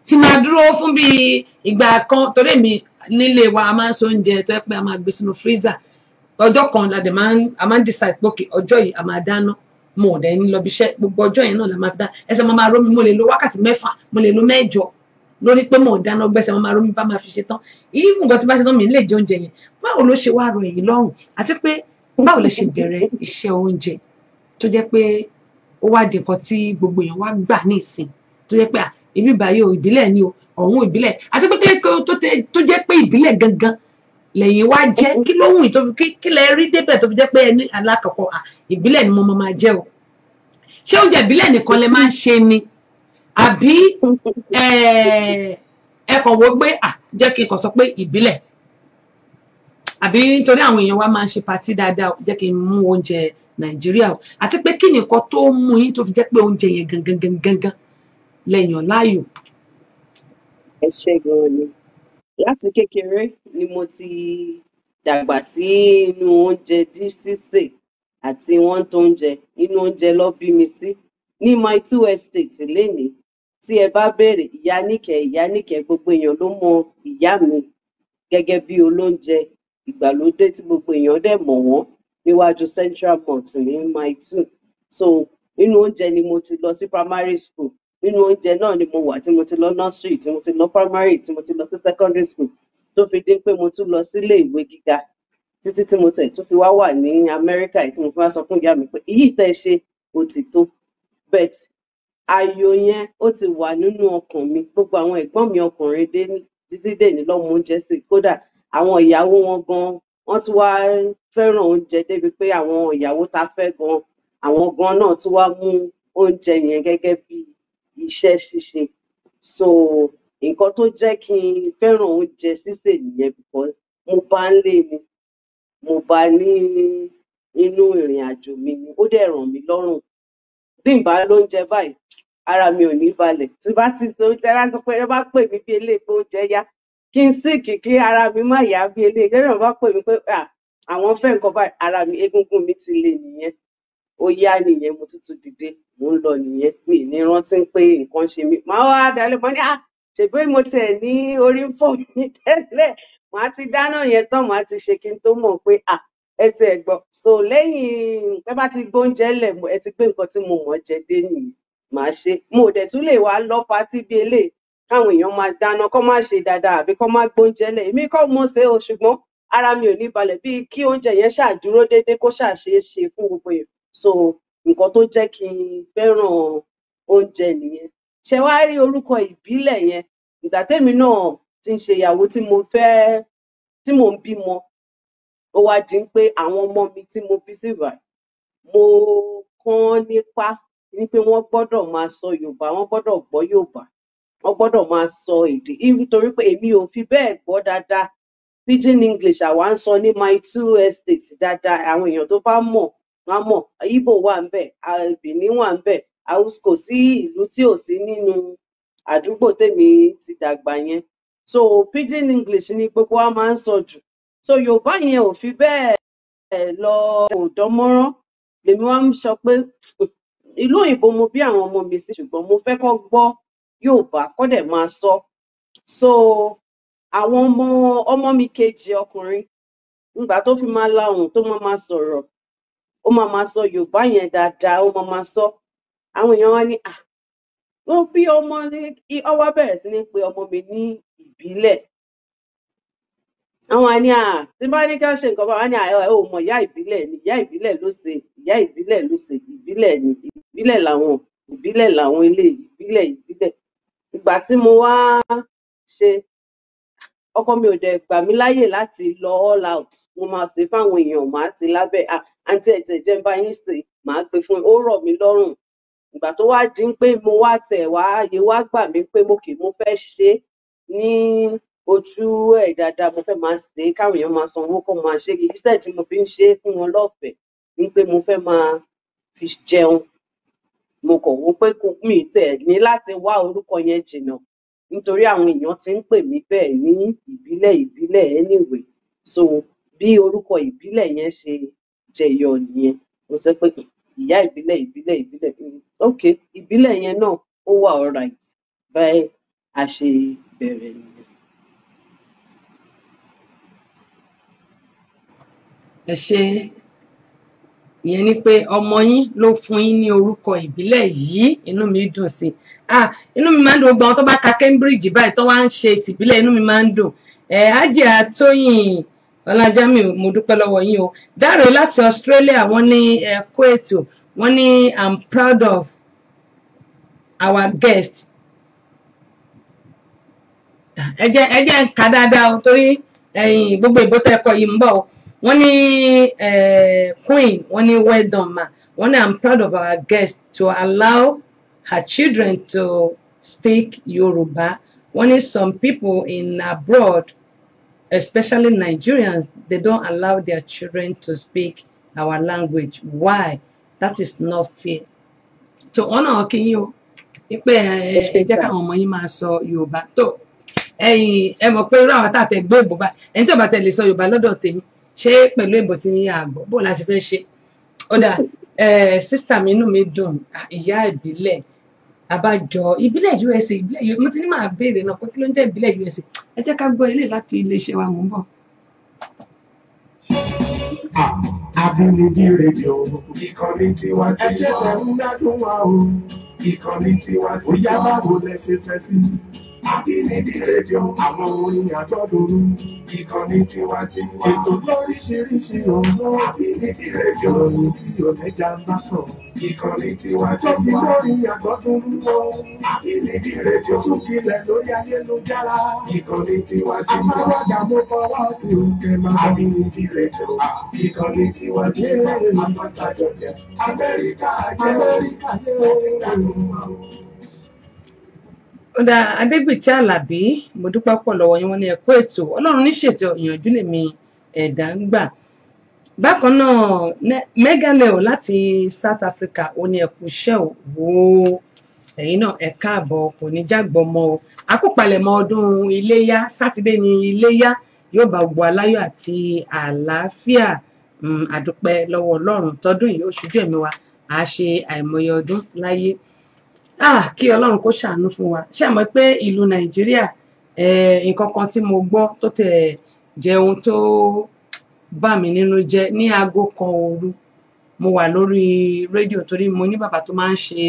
tí máa dúró fún bí ìgbà kan torí mi nílé wa a máa ń so oúnjẹ tó yẹ pé a máa gbé sínú freezer ọjọ́ kan la dẹ̀ máa ń a máa ń decide pé ọjọ́ yìí a máa dáná mo ò dẹ̀ ń lọ bí iṣẹ́ gbogbo ọjọ́ yẹn náà la máa fi dá ẹsẹ̀ mo máa rómi mo lè lo wákàtí mẹ́fà mo lè lo mẹ́jọ lórí pé mo ò dáná gbẹ́sẹ̀ mo máa rómi bá máa fi ṣe tán yìí nǹkan tí bá ṣe tán mi lè jẹ oúnjẹ yẹn báwo ló ṣe wá rọ èyí lọ́rùn àti pé báwo lẹ ṣe bẹ̀rẹ̀ iṣẹ́ oúnjẹ tó jẹ́ pé ó wá di nǹkan tí gbogbo èèyàn wá gbà ní ìsìn tó jẹ́ pé ibi báyìí o ìbílẹ̀ ni o ọ̀hún ìbílẹ̀ àti pé tó jẹ́ pé ìbílẹ̀ gangan lẹ́yìn wá jẹ́ kí ló wù tó fi kí lẹ rí débẹ̀ tó fi jẹ́ pé ẹni alákọ̀ọ́kọ́ ìbílẹ̀ ni mo máa jẹ́ o ṣé oúnjẹ ìbílẹ̀ nìkan lẹ máa ń ṣe ni àbí ẹ kàn wọ́n gbé jẹ́ kí n kàn sọ pé ìbílẹ̀ àbí nítorí àwọn èèyàn wa máa ń ṣe patí dáadáa jẹ́ kí n mú oúnjẹ nàìjíríà o àti pé kí nìkan tó mú yín tó fi jẹ́ pé oúnjẹ yẹn gangan gangan lẹ́yàn láàyò. ẹ ṣe gan ni láti kékeré ni mo ti dàgbà sí inú oúnjẹ dí sísè àti wọ́n tó oúnjẹ inú oúnjẹ ló bí mi sí ní my two estate lénìí tí ẹ bá béèrè ìyá níkẹ́ ìyá níkẹ́ gbogbo èèyàn ló mọ ìyá mi gẹ́gẹ́ bí olóúnjẹ ìgbàlódé tí gbogbo èèyàn dẹ̀ mọ̀ wọ́n níwájú central mosque ní my two so inú oúnjẹ ni mo ti lọ sí primary school nínú oúnjẹ náà ni mo wà tí mo ti lọ nursery tí mo ti lọ primary tí mo ti lọ sí secondary school tó fi dé pé mo tún lọ sílé ìwé gíga títí tí mo tẹ̀ tó fi wá wà ní Amẹ́ríkà tí mo fi wá sọ fún ìyá mi pé èyí tẹ́ ẹ ṣe ó ti tó bet ayò yẹn ó ti wà nínú ọkàn mi gbogbo àwọn ẹ̀gbọ́n mi ọkùnrin dé títí dé ní lọ́mọ oúnjẹ sí kódà àwọn ìyàwó wọn gan wọ́n tún wá fẹ́ràn oúnjẹ débi pé àwọn ìyàwó ta fẹ́ gan àwọn gan náà tún wá mú oúnjẹ yẹn gẹ́gẹ́ bíi iṣẹ́ ṣíṣe so nǹkan tó jẹ́ kí n fẹ́ràn oúnjẹ sísè nìyẹn because mo bá ń lé ni mo bá ní inú ìrìn àjò mi ni ó dẹ̀ ràn mí lọ́rùn bí n bá lóúnjẹ báyìí ara mi ò ní balẹ̀ tí bá ti so tẹ bá sọ pé ẹ bá pè mí bí eléyìí oúnjẹ yá kí n síìkì kí ara mi má yá bí eléyìí lẹ́yìn bá pè mí pé àwọn fẹ́ nǹkan báyìí ara mi egungun mi ti le nìyẹn ó yá nìyẹn mo tún dìde mò ń lọ nìyẹn mi ní rántí pé nǹkan ṣe mí màá wá dalẹ́ mọ́ ní à ṣèbí mo tẹ̀ ní orí ń fọ́ mi tẹ́lẹ̀ màá ti dáná yẹn tán màá ti ṣe kí n tó mọ̀ pé à ẹ ti ẹ̀ so lẹ́yìn ẹ bá ti gbóúnjẹ lẹ̀ ẹ ti gbé nǹkan tí mo mọ̀ jẹ dé nìyẹn màá ṣe mo ò dẹ̀ tún lè wá lọ patí bí eléyìí káwọn èèyàn máa dáná kó má ṣe dáadáa àbí kó má gbóúnjẹ lẹ̀ èmi kọ́ mo ṣe o ṣùgbọ́n ara mi ò ní balẹ̀ bíi kí oúnjẹ yẹn ṣàdúró déédéé kó ṣàṣeé fún gbogbo èèyàn so nǹkan tó jẹ́ kí n fẹ́ràn oúnjẹ nìyẹn ṣé wàá rí orúkọ ìbílẹ̀ yẹn ìgbà tẹ́mi náà ti ń ṣe ìyàwó tí mo fẹ́ tí mò ń bímọ ó wá di pé àwọn ọmọ mi tí mo bí sí ìbàdàn mo kán nípa ni pé wọ́n gbọ́dọ̀ máa sọ Yorùbá wọ́n gbọ́dọ̀ gbọ́ Yorùbá wọ́n gbọ́dọ̀ máa sọ èdè nítorí pé èmi ò fi bẹ́ẹ̀ gbọ́ dáadáa pidgin English àwa ń sọ ní my two estate dáadáa àwọn èèyàn tó bá mọ̀ wọn mọ̀ Ìgbò wà ńbẹ̀ Benin wà ńbẹ̀ Haúsá kò sí ìlú tí ò sí nínú àdúgbò tèmi ti dàgbà yẹn so pidgin english ni gbogbo wa máa ń sọ jù so yorùbá yẹn ò fi bẹ́ẹ̀ lọ kò lèmi wá ń sọ pé ìlú òyìnbó mo bí àwọn ọmọ mi sí ṣùgbọ́n mo fẹ́ kọ́ gbọ́ yorùbá kọ́ máa sọ so àwọn ọmọ ọmọ mi kejì ọkùnrin nígbà tó fi máa lahùn tó máa máa sọ̀rọ̀ ó máa máa sọ yorùbá yẹn dáadáa ó máa máa sọ àwọn èèyàn wá ní à wọn bí ọmọ ní ọwọ bẹ̀rẹ̀ sí ní pe ọmọ mi ní ìbílẹ̀ àwọn àní à tí bá ní ká ṣe nǹkan bá wà ní àyọ ẹ ò mọ ìyá ìbílẹ̀ ni ìyá ìbílẹ̀ ló ṣe ìyá ìbílẹ̀ ló ṣe ìbílẹ̀ ni ìbílẹ̀ làwọn ìbílẹ̀ làwọn ilé ìbílẹ̀ ìbílẹ̀ ìgbà tí mo wá ṣe ọkọ mi ò dẹ̀ gbà mí láyè láti lọ all out mo máa ṣe fáwọn èèyàn màá ṣe lábẹ́ à àǹtí ẹ̀jẹ̀ jẹ́ ń bá yín ṣe màá gbé fún yín ó rọ̀ mí lọ́rùn ìgbà tó wá dín pé mo wá tẹ̀ wá ààyè wá gbà mí pé mo kì mo fẹ́ ṣe ní ojú ẹ̀ dáadáa mo fẹ́ máa ṣe é káwọn èèyàn máa sanwó kó máa ṣe é iṣẹ́ tí mo fi ń ṣe fún wọn lọ́fẹ̀ẹ́ ni pé mo fẹ́ máa fi jẹun mo kàn wò pé mi tẹ̀ ní láti wá orúkọ yẹn jìnnà nítorí àwọn èèyàn ti ń pè mí bẹ́ẹ̀ ní ìbílẹ̀ ìbílẹ̀ anyway so bí orúkọ ìbílẹ̀ yẹn ṣe jẹyọ nìyẹn mo sọ pé hmm, ìyá ìbílẹ̀ ìbílẹ̀ ìbílẹ̀ mm, ok ìbílẹ̀ yẹn náà ó wà alright báyìí a ṣe bẹ̀rẹ̀ nìyẹn. ẹ ṣé ìyẹn ni pé ọmọ yín ló fún yín ní orúkọ ìbílẹ̀ yìí inú mi dùn sí ah inú mi máa ń dùn gbọ́n tó bá ka Cambridge báyìí tó wá ń ṣe tìbílẹ̀ inú mi máa ń dùn ẹ̀ Hajiya Tóyìn Ọlájàmí mo dúpẹ́ lọ́wọ́ yín o Dáre láti Australia wọ́n ní ẹ kó ètò wọ́n ní I'm proud of our guest ẹ jẹ́ ẹ jẹ́ ń kà dáadáa o torí ẹ̀yìn gbogbo ìbò tẹ́ ẹ kọ yìí ń bọ̀ o wọ́n ní eh, queen wọ́n ní well done ma wọ́n ní i'm proud of our guest to allow her children to speak Yoruba wọ́n ní some people in abroad especially Nigerians they don't allow their children to speak our language why that is not fair so ọ̀nà kìíní o pé eh, ẹ jẹ́ káwọn ọmọ yín máa sọ Yorùbá tó ẹ̀yin ẹ mọ̀ pé irú àwọn tá a tẹ̀ gbé ìbò bá ẹni tí ò tẹ̀ lè sọ Yorùbá lọ́dọ̀ tèmi ṣé pẹ̀lú èbò tí ní àgbọ̀ bó la ṣe fẹ́ ṣe ó dà sísà mi inú mi dùn ìyá ìbílẹ̀ àbájọ ìbílẹ̀ USA ìbílẹ̀ mo ti ní máa béèrè náà pé kí ló ń jẹ́ ìbílẹ̀ USA ẹ jẹ́ ká gbọ́ ilé láti iléeṣẹ́ wa mò bọ̀. Àbínibí rédíò ìkànnì tiwa tí ẹ ṣe tẹ̀ ń gbádùn wa o ìkànnì tiwa tí ó yá báwo lẹ ṣe fẹ́ sí i àbínibírèdíò àwọn orin àjọdúnrún ìkànnì tiwantiwa ètò lóríṣiríṣi ọ̀nà àbínibírèdíò ohun tí oníjà ń bá kàn ìkànnì tiwantiwa tóbi lórí àjọdúnrún ohun àbínibírèdíò tún kílẹ̀ lórí ayélujára ìkànnì tiwantiwa àmàlàdà mo fọwọ́ sí òkè máa àbínibírèdíò ah. ìkànnì tiwantiwa àpátajọ jẹ Amẹ́ríkà jẹ́ Amẹ́ríkà jẹ́ ó ti dàgbò ọ̀dà adégbìtì alábí mo dúpẹ́ pọ̀ lọ́wọ́ yín wọ́n ní ẹ̀kọ́ ètò ọlọ́run níṣètò ìyànjú lèmi ẹ̀dá ń gbà bákan náà megaleo láti South Africa ó ní ẹ̀kú iṣẹ́ òwò ẹ̀yin náà ẹ káàbọ̀ kò ní jágbọ́ mọ́ o àkópalẹ̀mọ́ ọdún iléyá sátidé ní iléyá yóò bá gbogbo aláyọ̀ àti àlàáfíà àdúpẹ́ hmm, lọ́wọ́ ọlọ́run tọdún yìí oṣù díẹ̀ mi wa àá àìmọye ọdún láyé ah kí ọlọ́run kó ṣàánú fún wa ṣe mọ̀ pé ìlú nàìjíríà eh, nǹkan kan tí mo gbọ́ tó tẹ̀ jẹ́ ohun tó bà mí nínú jẹ́ ní aago kan òru mo wà lórí rédíò torí mo ní bàbá tó máa ń ṣe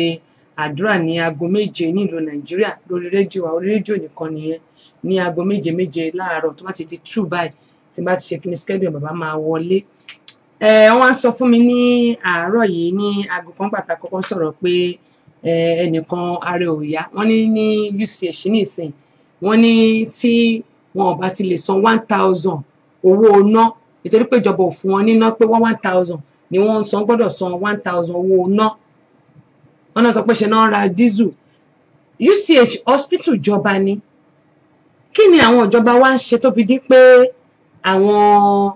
àdúrà ní aago méje nílùú nàìjíríà lórí rédíò àwọn rédíò nìkan nìyẹn ní aago méje méje láàárọ̀ tó bá ti di two báyìí tí bá ti ṣe kíni schedule bàbá máa wọlé ẹ eh, wọn sọ fún mi ní àárọ̀ yìí ní aago kan pàtàkì kọ́kọ́ sọ̀rọ̀ pé ẹnìkan ààrẹ òòyà wọ́n ní ní UCH nísìn wọ́n ní tí wọn ò bá ti lè san one thousand owó ná nítorí pé ìjọba ò fún wọn níná pé wọ́n one thousand ni wọ́n ń san gbọ́dọ̀ san one thousand owó ná wọ́n náà sọ pé ṣe náà ń ra diesel UCH hospital jọba ni kí ni àwọn ìjọba wa ń ṣe tó fi di pé àwọn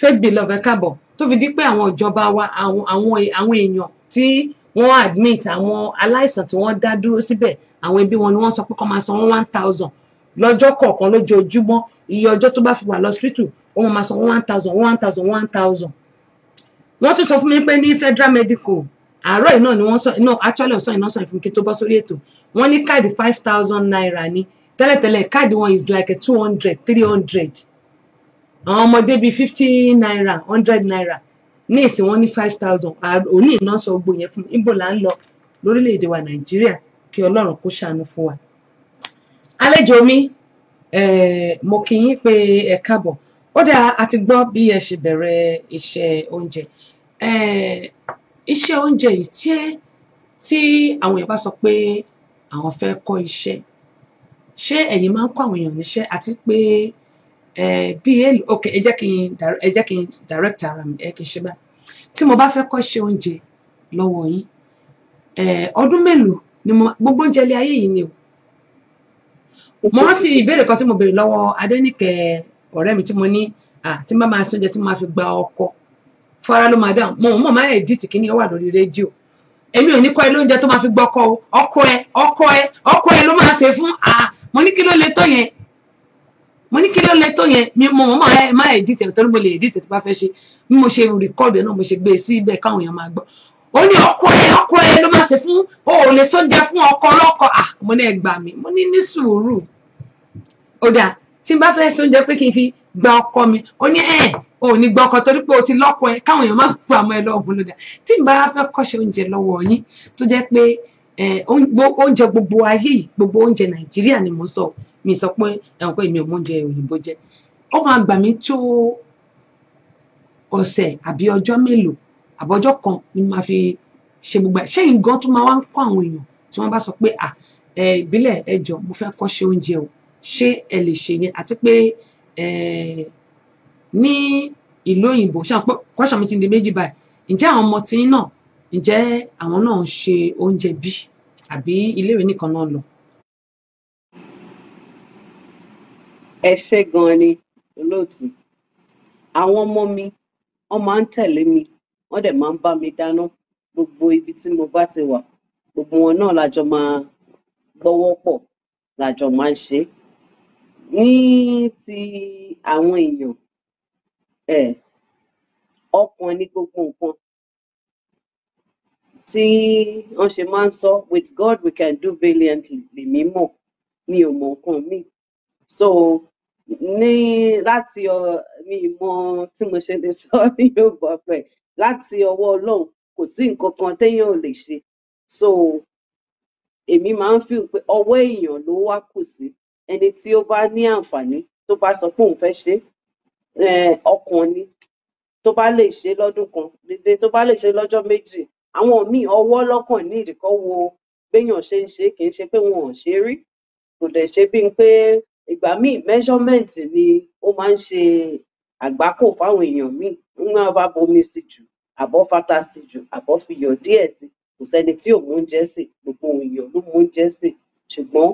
faith beloved káàbọ̀ tó fi di pé àwọn ìjọba wa àwọn àwọn èèyàn tí wọ́n admit àwọn aláìsàn tí wọ́n dá dúró síbẹ̀ àwọn ẹbí wọn ni wọ́n sọ pé kó máa san one thousand lọ́jọ́ kọ̀ọ̀kan lójoojúmọ́ iye ọjọ́ tó bá fi wà lọ́sítítù wọ́n máa san one thousand one thousand one thousand. wọ́n tún sọ fún mi pé ní federal medical àárọ̀ iná ni wọ́n sọ iná actually ọ̀sán iná sọ ìfún kí tó bọ́ sórí ètò wọ́n ní káàdì five thousand naira ni tẹ́lẹ̀tẹ́lẹ̀ káàdì wọn is like two hundred three hundred àwọn ọmọdé bíi fifty naira hundred naira ní ìsìn wọn ní five thousand òní iná sọ gbogbo yẹn fún mi níbo là ń lọ lórílẹ̀‐èdè wa nàìjíríà kí ọlọ́run kó ṣàánú fún wa. àlejò mi mo kì í pé ẹ káàbọ̀ ó dáa a ti gbọ́ bí ẹ ṣe bẹ̀rẹ̀ iṣẹ́ oúnjẹ iṣẹ́ oúnjẹ yìí ṣé tí àwọn èèyàn bá sọ pé àwọn fẹ́ kọ́ iṣẹ́ ṣé ẹ̀yin máa ń kọ́ àwọn èèyàn níṣẹ́ àti pé bí ok ẹ jẹ́ kí n direct ara mi ẹ kì í ṣe bá tí mo bá fẹ́ kọ́ ṣe oúnjẹ lọ́wọ́ yín ọdún mélòó ni mo gbogbo oúnjẹ ilé ayé yìí ni o mo rántí ìbéèrè kan tí mo béèrè lọ́wọ́ Adéníkẹ́ ọ̀rẹ́ mi tí mo ní tí má máa sóúnjẹ tí mo máa fi gba ọkọ fara ló máa dáhùn mo mọ máa ẹdítì kí ni ó wà lórí rédíò èmi ò ní kọ́ ẹ lóúnjẹ tó máa fi gbọ́kọ o ọkọ ẹ ọkọ ẹ ọkọ ẹ ló máa ṣe fún a mo ní kí ló le tó yẹn mo ní kí ló lè tó yẹn mi mo mọ̀ má edit ẹ̀ torí mo lè edit ẹ̀ tí bá fẹ́ ṣe bí mo ṣe record ẹ̀ náà mo ṣe gbé e sí ibẹ̀ káwọn èèyàn máa gbọ́ ó ní ọkọ ẹ ọkọ ẹ ló máa ṣe fún o ò lè sóúnjẹ fún ọkọ ọlọ́kọ à ah! mo ní ẹ gbà mí mo ní ní sùúrù ó dà tí n bá fẹ́ sóúnjẹ pé kí n fi gba ọkọ mi ó ní ẹ ò ní gba ọkọ torí pé o ti lọ́kọ ẹ káwọn èèyàn má gbà mọ́ ẹ lọ́wọ́ ló tí n bá fẹ́ kọ́ṣe oúnjẹ lọ́wọ́ yín tó jẹ́ pé oúnjẹ gbogbo ayé yìí gbogbo oúnjẹ Nàìjíríà ni mo sọ mi sọ pé ẹ̀wọ̀n pé èmi ò mọ̀jẹ òyìnbó jẹ ó máa gbà mí tó ọ̀sẹ̀ àbí ọjọ́ mélòó àbọ̀jọ́ kan ni màá fi ṣe gbogbo ẹ̀ ṣé nǹkan tó máa wá ń kọ́ àwọn èèyàn tí wọ́n bá sọ pé à ẹ ìbílẹ̀ ẹ jọ mo fẹ́ kọ́ ṣe oúnjẹ o ṣé ẹ lè ṣe yẹn àti pé ẹ ní ìlú òyìnbó kọ́ṣà mi ti di méjì báyìí ǹjẹ́ àwọn ọmọ tí náà ǹjẹ́ àwọn náà ń ṣe oúnjẹ bí àbí iléèwé nìkan náà lọ ẹ ṣé gan-an ni olóòtú àwọn ọmọ mi wọ́n máa ń tẹ̀lé mi wọ́n dẹ̀ máa ń bá mi dáná gbogbo ibi tí mo bá ti wà gbogbo wọn náà la jọ máa gbọ́wọ́ pọ̀ la máa ń ṣe ní ti àwọn èèyàn um ọkàn ni gbogbo nǹkan tí wọ́n ṣe máa ń sọ with God we can do valiantly lèmi mọ̀ mi ò mọ nǹkan míì so ní láti mi mọ tí mo ṣe lè sọ ní Yorùbá pẹ láti ọwọ́ Ọlọ́run kò sí nǹkan kan téèyàn ò lè ṣe so èmi máa ń fi pé ọwọ́ èèyàn ló wá kù sí ẹni tí ó bá ní àǹfààní tó bá sọ pé òun fẹ́ ṣe é ọkàn ni tó bá lè ṣe lọ́dún kan dédé tó bá lè ṣe lọ́jọ́ méjì àwọn míì ọwọ́ lọ́kàn ní ìdíkọ́ wo béèyàn ṣe ń ṣe kì í ṣe pé wọn ò ṣe rí kò dẹ̀ ṣe bíi pé ìgbà míì measurement ni ó máa ń ṣe àgbákò fáwọn èèyàn míì nígbà wọn bá bomi sí jù àbọ̀ fata sí jù àbọ̀ fiyọ̀ díẹ̀ sí kò sẹ́ni tí ò mú oúnjẹ sè gbogbo èèyàn ló mú oúnjẹ sè ṣùgbọ́n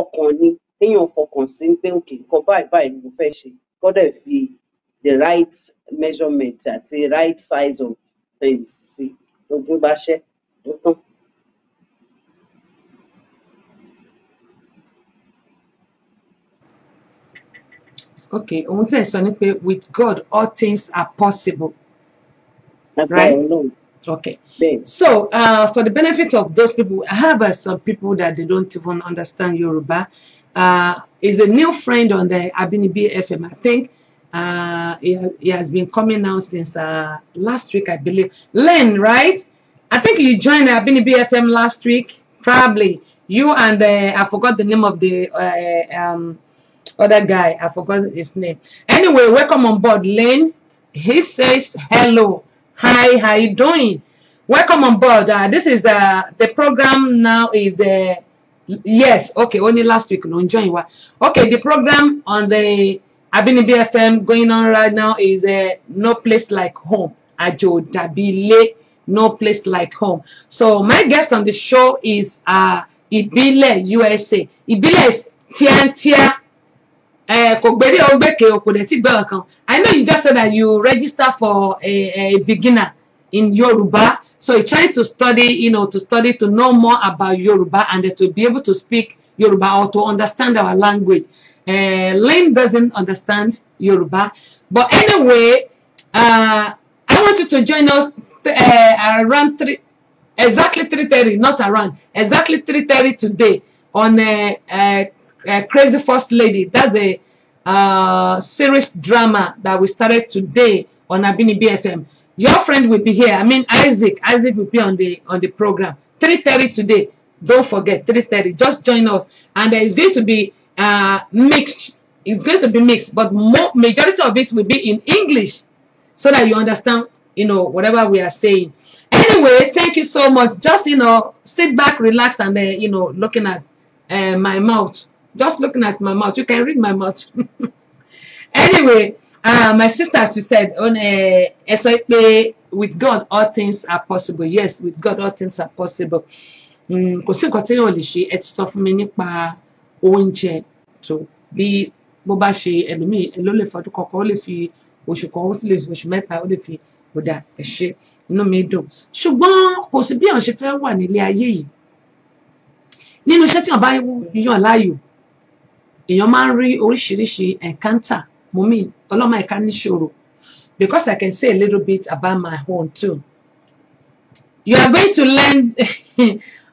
ọkàn ni téèyàn fọkàn sí pé òkè nǹkan báyìí báyìí ni mo fẹ́ ṣe gbọ́dọ̀ fi the right measurement àti right size of things sí ogún bá ṣẹ́ ó tán. ok ohun tẹ̀ sọ ni with God all things are possible right okay so uh, for the benefit of those people I have uh, some people that they don't even understand Yoruba uh, is a new friend on the Abinibi FM I think uh, he, he has been coming now since uh, last week I believe Len right I think you joined Abinibi FM last week probably you and uh, I forgot the name of the uh, um, other guy. I forgot his name. Anyway, welcome on board, Lane. He says, hello. Hi, how you doing? Welcome on board. Uh, this is uh, the program now is the... Uh, yes, okay, only last week. No, join what? Okay, the program on the Abinibi BFM going on right now is uh, No Place Like Home. Ajo Dabile, No Place Like Home. So my guest on the show is... Uh, Ibile USA. Ibile is Tiantia Eh, kò gbélé o gbèké o kò dẹ̀ sí gbẹ̀rẹ̀ kan I know you just said that you register for a, a beginner in Yoruba so you trying to study you know to study to know more about Yoruba and to be able to speak Yoruba or to understand our language uh, Lynn doesn't understand Yoruba but anyway uh, I want you to join us uh, around three exactly three thirty, not around exactly three thirty today on uh, uh, uh, Crazy First Lady. That's a uh, drama that we started today on Abini BFM. Your friend will be here. I mean Isaac. Isaac will be on the on the program. 3.30 today. Don't forget 3.30. Just join us. And uh, it's going to be uh, mixed. It's going to be mixed, but more, majority of it will be in English so that you understand, you know, whatever we are saying. Anyway, thank you so much. Just, you know, sit back, relax, and, uh, you know, looking at uh, my mouth. Just looking at my mouth. You can read my mouth. anyway, uh, my sister, as you said, on a, a, with God, all things are possible. Yes, with God, all things are possible. Mm, kò sí nǹkan tí yóò lè ṣe, ẹ ti sọ fún mi nípa oúnjẹ tó bí bó bá ṣe ẹlòmíì ló lè fọdún kọ̀ọ̀kan ó lè fi oṣù kan ó lè fi oṣù mẹ́ta ó lè fi ọ̀dà ẹ̀ ṣe inú mi dùn. Ṣùgbọ́n kò sí bí àwọn ṣe fẹ́ wà nílé ayé yìí. Nínú iṣẹ́ tí wọ́n bá yàn láàyò, èèyàn máa ń rí oríṣiríṣi encounter mo mean ọlọ́mọ ẹ̀ka níṣòro because I can say a little bit about my own too you are going to learn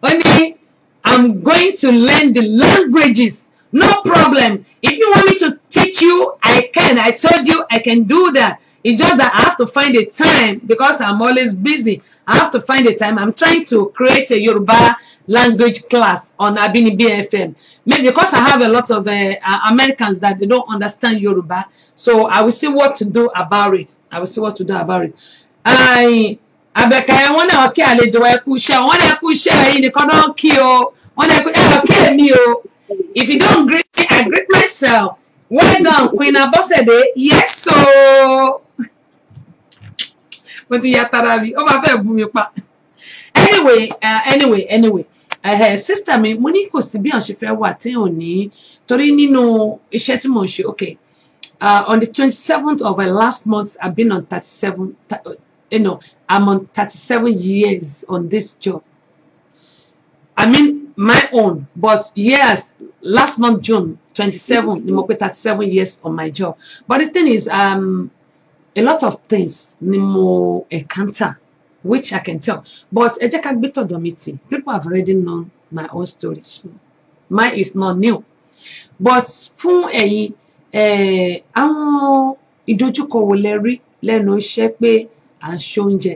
Only I'm going to learn the languages no problem if you want me to teach you I can I told you I can do that It's just that I have to find a time because I'm always busy. I have to find a time. I'm trying to create a Yoruba language class on Abinibi FM. Maybe because I have a lot of uh, uh, Americans that they don't understand Yoruba. So I will see what to do about it. I will see what to do about it. I Abẹ́kẹ̀yẹ wọn náà kí àlejò ẹ kú iṣẹ́ wọn náà kú iṣẹ́ yìí nìkan náà kí o wọn náà kú ẹ lọ kí o if you don't greet me I greet myself well done Queen Abosede yes So mo ti ya tara mi fẹ́ bú mi pa anyway uh, anyway anyway uh, sister mi mo ní kò sí bí àwọn ṣe fẹ́ wà tí ò ní torí nínú iṣẹ́ tí mo ń ṣe okay uh, on the twenty seventh of uh, last month i been on thirty seven you know i'm on thirty seven years on this job i mean my own but yes last month june twenty seven ni mo pé thirty seven years on my job but the thing is. Um, a lot of things ni mo encounter which I can tell but ẹ jẹ́ ká gbé tọ̀dọ̀ mi tì people have already known my own story mine is not new but fún ẹ̀yin àwọn ìdojúkọ wo lẹ rí lẹ́nu iṣẹ́ pé à ń ṣoúnjẹ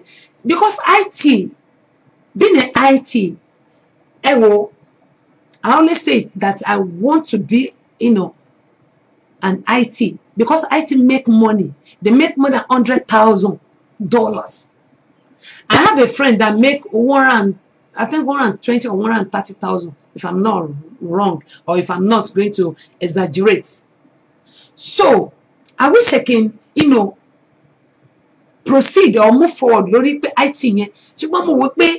because IT being an IT ẹ wo I always say that I want to be you know, and IT because IT make money. They make more than hundred thousand dollars. I have a friend that make one and I think one and twenty or one and thirty thousand, if I'm not wrong, or if I'm not going to exaggerate. So I wish I can, you know, proceed or move forward lórí pé IT ye. ṣùgbọ́n mo wò pé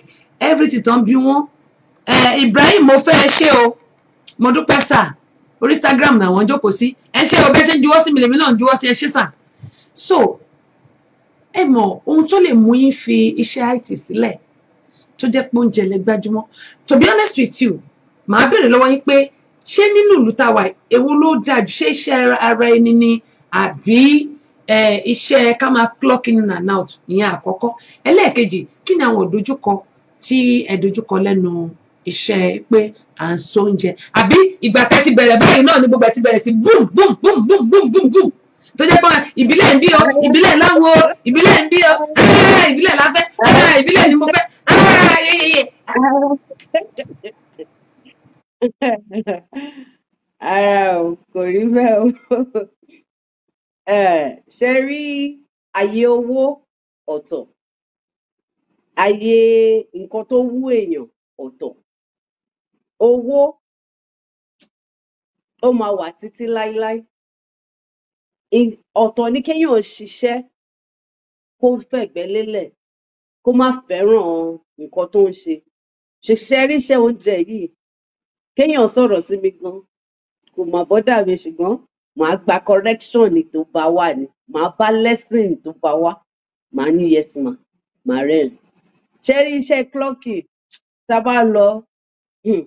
everything tó ń bí wọ́n eh, Ibrahim mo fẹ́ ṣe o mo dúpẹ́ sáà orí instagram náà wọ́n jókòó sí ẹ ṣe o bẹ́ẹ̀ ṣe ń juwọ́ sí mi lèmi náà ń juwọ́ sí ẹ ṣe sà so ẹ mọ̀ ohun tó lè mú yín fi iṣẹ́ it sílẹ̀ tó jẹ́ pé oúnjẹ lẹ gbájúmọ́ to be honest with you màá béèrè lọ́wọ́ yín pé ṣé nínú ìlú tá a wà èwo ló dáa jù ṣé iṣẹ́ ara ẹni ni àbí iṣẹ́ ká máa clock in and out ìyẹn àkọ́kọ́ ẹlẹ́ẹ̀kejì kí ni àwọn ìdojúkọ tí ẹ dojúkọ lẹ́nu iṣẹ́ pé à ń so oúnjẹ àbí ìgbà tẹ́ ti bẹ̀rẹ̀ báyìí náà ni gbogbo ẹ̀ ti bẹ̀rẹ̀ sí boom boom boom boom boom boom boom tó jẹ́ pé ìbílẹ̀ ń bí o ìbílẹ̀ láwo ìbílẹ̀ ń bí o ah, ìbílẹ̀ láfẹ́ ah, ìbílẹ̀ ni mo fẹ́ ah, yeyeye. ara ò kò rí bẹ́ẹ̀ o eh, ṣe rí àyè owó ọ̀tọ̀ àyè nǹkan tó wú èèyàn ọ̀tọ̀ owó ó máa wà títí láíláí ọ̀tọ̀ ni kéèyàn ṣiṣẹ́ kó fẹ̀gbẹ́ lélẹ̀ kó má fẹ́ràn nǹkan tó ń ṣe ṣèṣe rí iṣẹ́ oúnjẹ yìí kéèyàn sọ̀rọ̀ sí mi gan kò mà bọ́dà mi ṣùgbọ́n màá gba correction tó bá wà ni màá bá lesson tó bá wà màá ní yes ma màá rẹ́rìn-ín ṣe rí iṣẹ́ clocking tá a bá lọ hmm,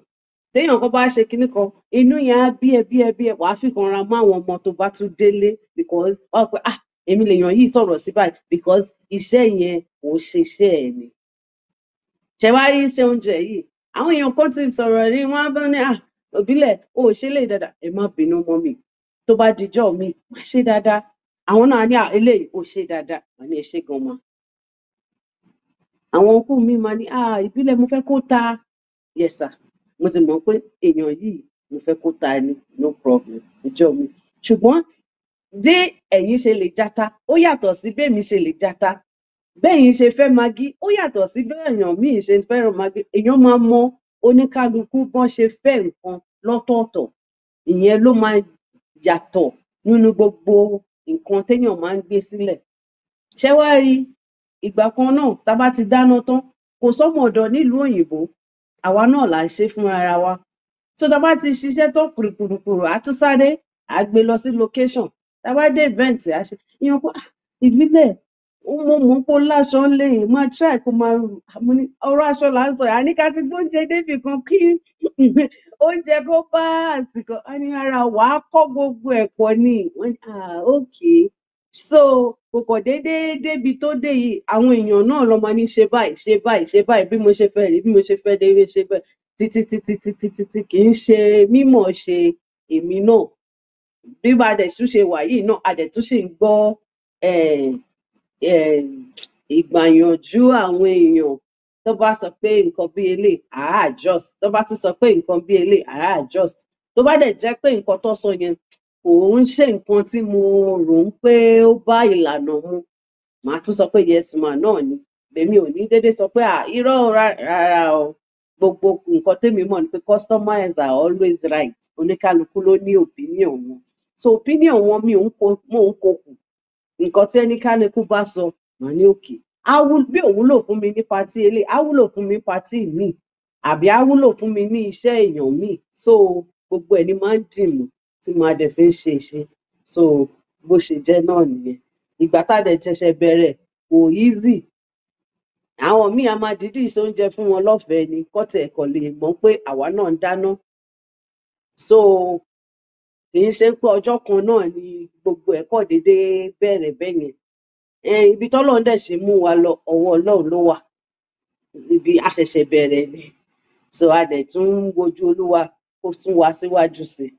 téèyàn kan bá ṣe kinní kan inú yẹn á bí ẹ bí ẹ bí ẹ wàá fìkan ra mọ́ àwọn ọmọ tó bá tún délé because wọ́n pe ah èmi lèèyàn yìí sọ̀rọ̀ sí báyìí because iṣẹ́ yẹn kò ṣe iṣẹ́ ẹ̀ ni ṣẹ̀wárí ṣe oúnjẹ yìí àwọn èèyàn kan ti sọ̀rọ̀ ní wọ́n á bá ní ah òbílẹ̀ o ò ṣe lè dáadáa ẹ má bínú mọ́ mi tó bá dijọ́ mi má ṣe dáadáa àwọn náà ní ah, eléyìí ò ṣe dáadáa wọ́n ní ẹ ṣe gan ma àwọn okùn mi máa ní ah ìbílẹ̀ mo fẹ́ kó ta yẹ̀sà mo ti mọ̀ pé èèyàn yìí mo fẹ́ kó ta ẹni no problem ìjọ mi ṣùgbọ́n dé ẹ̀yin ṣe lè jata ó yàtọ̀ sí bẹ́ẹ̀mi ṣe lè jata bẹ́ẹ̀yin ṣe fẹ́ magi. ó yàtọ̀ sí bẹ́ẹ̀yàn míì ṣe fẹ́ràn magi. èèyàn máa mọ oníkálukú bọ́n ṣe fẹ́ nǹkan lọ́tọ̀ọ̀tọ̀ ìyẹn ló máa yàtọ̀ nínú gbogbo nǹkan téèyàn máa ń gbé sílẹ̀ ṣé wàá rí ìgbà kan náà tá a bá ti dáná tán kò sọ́mọ̀dọ̀ nílùú òyìnbó àwa náà là ń ṣe fúnra ara wa so tá a bá ti ṣiṣẹ́ tó kùrùkùrùkùrù á tún sáré á gbé lọ sí location tá a bá dé event á ṣe ìyẹn pé ah, ìbílẹ̀ mo mọ̀ pé ó láṣọ lè máa try kó máa mo ní ọ̀rọ̀ aṣọ là ń sọ yìí àní ká ti gbóúnjẹ débì kan kí oúnjẹ kó bá àsìkò á ní ara wàá kọ́ gbogbo ẹ̀ pọ̀ ni ah okay So kò kàn déédéé débi tó dé yìí, àwọn èèyàn náà ló máa ní ṣe báyìí, ṣe báyìí, ṣe báyìí, bí mo ṣe fẹ́ rèé, bí mo ṣe fẹ́ rèé, ṣe bẹ́ẹ̀ títí títí títí títí kì í ṣe mímọ̀ ṣe èmi náà. Bí ba dẹ̀ tún ṣe wà yìí náà, a dẹ̀ tún ṣì ń gbọ́ um um ìgbàyànjú àwọn èèyàn tán bá sọ pé nǹkan bí eléyìí à á adjust, tán bá tún sọ pé nǹkan bí eléyìí à adjust. Tó bá dẹ̀ jẹ́ pé nǹkan tán sọ yẹn kò ń ṣe nǹkan tí mo rò ń pé ó bá ìlànà mu màá tún sọ pé yes ma náà ni èmi ò ní déédéé sọ pé ah irọ́ o rárá o gbogbo nǹkan tèmi mọ̀ ni pé customers are always right oníkálukú ló ní opinion wọn so opinion wọn mi ò ń ko mò ń kokù nǹkan tí ẹnikálukú bá sọ màá ní òkè bí òwúlò fún mi ní patí eléyìí áwúlò fún mi patí míì àbí áwúlò fún mi ní iṣẹ́ èèyàn míì so gbogbo ẹ̀ ni máa ń dì tí màá dẹ̀ fi ń ṣe ìṣe so bó ṣe jẹ́ náà nìyẹn ìgbà tá a dẹ̀ ṣẹ̀ṣẹ̀ bẹ̀rẹ̀ kò easy àwọn míì a máa dídì se oúnjẹ fún wọn lọ́fẹ̀ẹ́ ni kọ́tì ẹ̀kọ́ lè mọ̀ pé àwa náà ń dáná so kì í ṣe pé ọjọ́ kan náà ni gbogbo ẹ̀kọ́ dédé bẹ̀rẹ̀ bẹ́yẹn um ibi tọ́lọ́run dẹ̀ ṣe mú wa lọ ọwọ́ Ọlọ́run ló wà ibi a bẹ̀rẹ̀ ni so a dẹ̀ tún ń wojú Olúwa kó tún wa síwájú sí i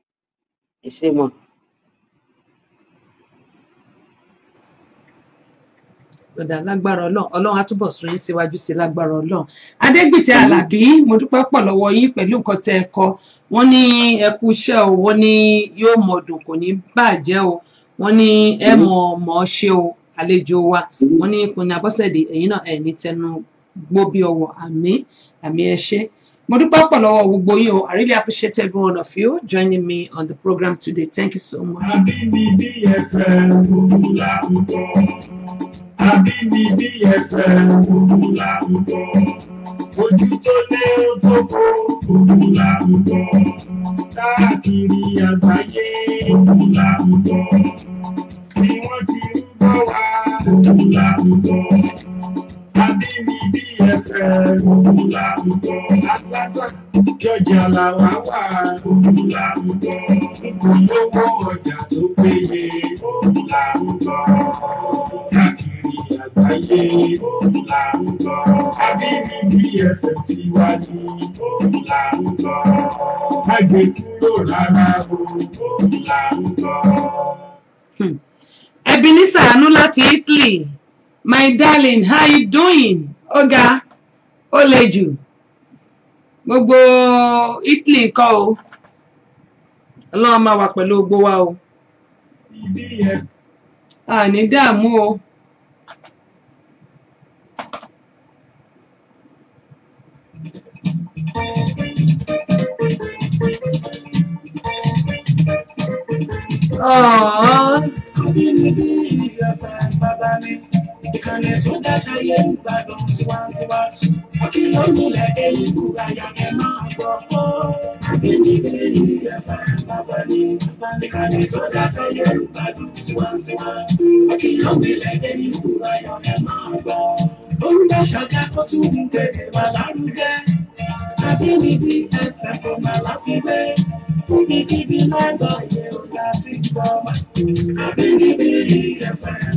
ẹ ṣé mọ ọ̀dà lágbára ọlọ́run ọlọ́run á túbọ̀ sún yín síwájú sí lágbára ọlọ́run adégbìtì alábí mo dúpẹ́ pọ̀ lọ́wọ́ yín pẹ̀lú nǹkan tẹ́ ẹ kọ wọ́n ní ẹ kú iṣẹ́ o wọ́n ní yóò mọ ọdún kò ní bàjẹ́ o wọ́n ní ẹ mm-hmm. mọ̀ mọ̀ ṣe o àlejò wa mm-hmm. wọ́n ní kùnà abọ́sẹ̀dé ẹ̀yin náà ẹ̀ ní tẹnu gbó bí ọwọ́ àmì àmì ẹ Mo dúpẹ́ I really appreciate every one of you joining me on the program today. Thank you so much. Ojú tó lé ojú fò òun là ń bọ̀. Káàkiri àgbáyé òun là ń bọ̀. Bí wọ́n ti ń bọ̀ wá òun là ń bọ̀. Àbínibí ẹsẹ̀ òun là wà òun là ọjà tó péye òun là àgbáyé òun là ń bọ̀ abínibí ẹsẹ̀ tiwa ni rárá òun là ń bọ̀. Ebenezer Anu láti Italy. My darling, how you doing? ọ̀gá Oleju le gbogbo Italy kọ́ o ọlọ́run máa wà pẹ̀lú gbogbo wa o àní dààmú o. Oh. ìkànnì tó dáta yé ìgbàdùn tiwantiwa akíló nílẹ̀ èyí kúra yà ẹ máa gbọ́ ó àbínibí ẹ̀fẹ̀ bàbá ní ìkànnì tó dáta yé ìgbàdùn tiwantiwa akíló nílẹ̀ èyí kúra yà ẹ máa gbọ́ ó ń dáṣà jẹ́ kó tún ń gbèrè wà lárugẹ àbínibí ẹ̀fẹ̀ kò má lábílé níbikíbi lọ́dọ̀ yẹ ọ̀gá ti gbọ́. àbínibí ẹ̀fẹ̀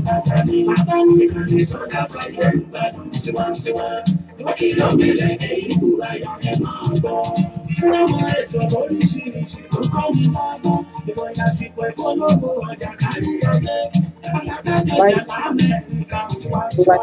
bàbá mi bàbá mi kàní tó dáta yẹ ìgbádùn tiwantiwa wọ́n kí ló mi lẹ́kẹ̀ ìlú ayọ̀ yẹn máa gbọ́. fún àwọn ètò oríṣiríṣi tó kọ́ mi lọ́gbọ́n ìwọ̀n àsìkò ìpolówó ọjà kárí ọdẹ. Bye. Bye.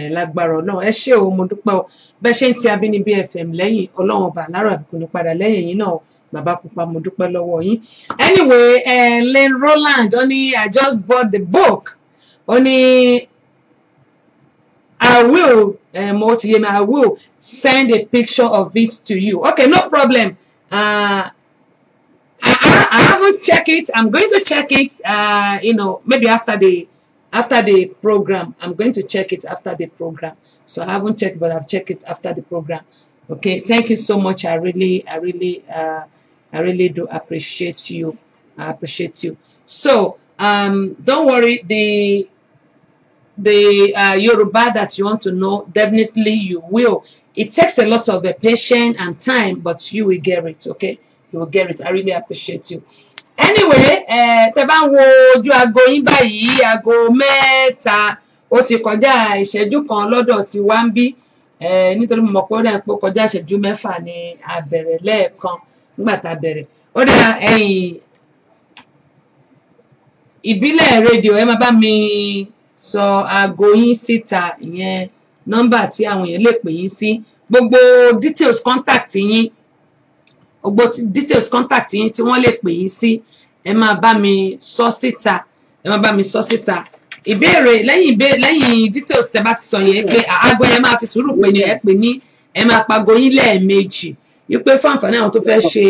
ẹ lágbára Ọlọ́run ẹ ṣé o mo dúpẹ́ o bẹ ṣe ń ti Abínibí FM lẹ́yìn Ọlọ́run ọba àlárọ̀ àbùkù ní padà lẹ́yìn yìí náà bàbá pupa mo dúpẹ́ lọ́wọ́ yín anyway ẹ len Roland ó ní I just bought the book ó ní I will mo ti yé mi I will send a picture of it to you okay no problem. Uh, I, I haven't checked it. I'm going to check it, uh, you know, maybe after the after the program i'm going to check it after the program so i haven't checked but i've checked it after the program okay thank you so much i really i really uh, i really do appreciate you i appreciate you so um don't worry the the uh, Yoruba that you want to know, definitely you will. It takes a lot of uh, patience and time, but you will get it, okay? You will get it. I really appreciate you. anyway tẹ bá ń wo ojú aago yín báyìí aago mẹ́ta ó ti kọjá ìṣẹ́jú kan lọ́dọ̀ tí wá ń bí nítorí mo mọ̀ pé ó dà pé kọjá ìṣẹ́jú mẹ́fà ni a bẹ̀rẹ̀ lẹ́ẹ̀kan nígbà tá a bẹ̀rẹ̀ ó dà ẹ̀yìn ìbílẹ̀ rédíò ẹ máa bá mi sọ aago yín síta ìyẹn nọ́mbà tí àwọn èèyàn lè pè yín sí gbogbo details contact yín gbogbo details contact yín tí wọ́n lè pè yín sí ẹ máa bá mi sọ síta ẹ máa bá mi sọ síta ìbéèrè lẹ́yìn ìbéèrè lẹ́yìn details tẹ́ bá ti sọ yẹn pé àgọ́ yẹn máa fi sùúrù pè ní ẹ pè ní ẹ máa pago yín lẹ́ẹ̀mejì wípé fún àǹfààní àwọn tó fẹ́ ṣe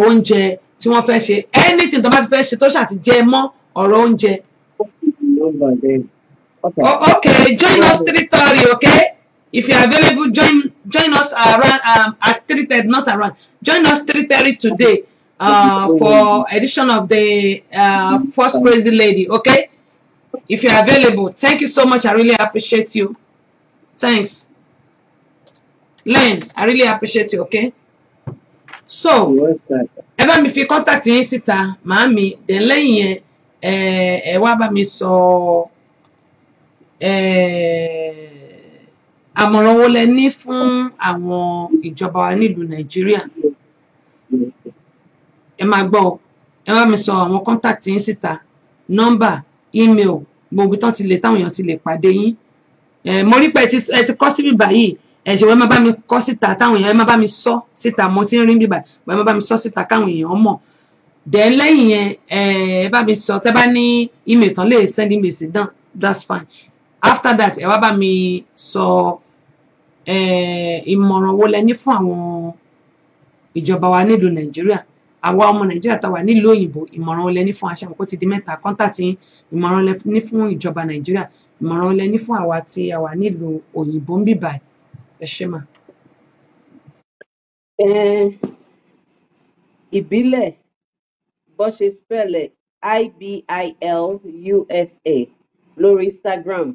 oúnjẹ tí wọ́n fẹ́ ṣe anything tó bá ti fẹ́ ṣe tó ṣàtijẹ́ mọ́ ọ̀rọ̀ oúnjẹ. okay join us three thirty okay. If you are available, join join us around um, at three thirty, not around. Join us three thirty today uh, for edition of the uh, first crazy lady. Okay, if you are available, thank you so much. I really appreciate you. Thanks, Len. I really appreciate you. Okay, so ẹ bá mi fi contact yín síta màámi then lẹ́yìn yẹn ẹ ẹ wá bá mi sọ ẹ. Eh, àmọ̀ràn wo lẹ ní fún àwọn ìjọba wa nílùú nàìjíríà ẹ máa gbọ́ ọ ẹ bá mi sọ àwọn kọ́ńtàkì yín síta nọ́mbà email. gbogbo tán ti lè táwọn èèyàn ti lè pàdé yín ẹ mo rí pé ẹ ti kọ́ sí bíbá yìí ẹ ṣe wọ́n máa bá mi kọ́ síta táwọn èèyàn ẹ máa bá mi sọ síta mo ti ń rí bíbá ẹ máa bá mi sọ síta káwọn èèyàn mọ̀ then lẹ́yìn yẹn ẹ bá mi sọ tẹ́ bá ní ímeèl tán lè send ímeèl sí dán that's fine after that ẹ wá bá mi sọ. So, Eh, ìmọ̀ràn wo lẹ ní fún àwọn ìjọba wa nílùú nàìjíríà àwa ọmọ nàìjíríà tá wà nílùú òyìnbó ìmọ̀ràn wo lẹ ní fún aṣáájú kó ti di mẹ́ta kọ́ńtàtì ìmọ̀ràn lẹ ní fún ìjọba nàìjíríà ìmọ̀ràn lẹ ní fún àwa tí a wà nílùú òyìnbó ń bìbà ẹ ṣé mà. Eh, ìbílẹ̀ bó ṣe spẹ̀lẹ̀ ibilusa lórí instagram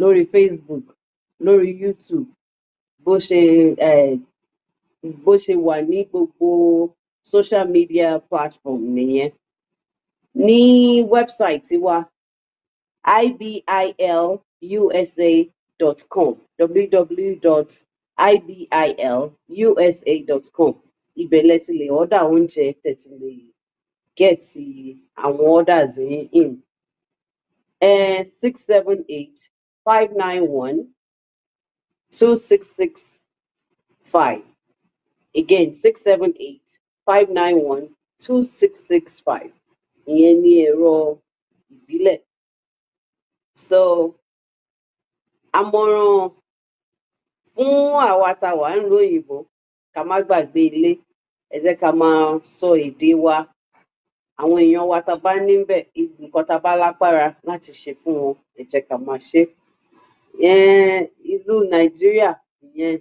lórí facebook lórí youtube bó ṣe um bó ṣe wà ní gbogbo social media platform nìyẹn ní wẹ́bsáìtì wa ibiliusa.com www.ibiliusa.com ibẹ̀ lẹ ti lè ọ́dà oúnjẹ tẹ̀ ti lè gẹ̀ẹ́tì àwọn orders yín in. Eh, six seven eight five nine one 2665. Again, 678 591 2665. Ìyẹn So, àmọ̀ràn fún àwa tá a wà ń lo ká má gbàgbé ilé ẹ jẹ́ ká máa sọ èdè wa àwọn èèyàn wa tá a bá níbẹ̀ nǹkan tá a bá lápára láti ṣe fún wọn ẹ jẹ́ ká máa ṣe é. ìlú nàìjíríà nìyẹn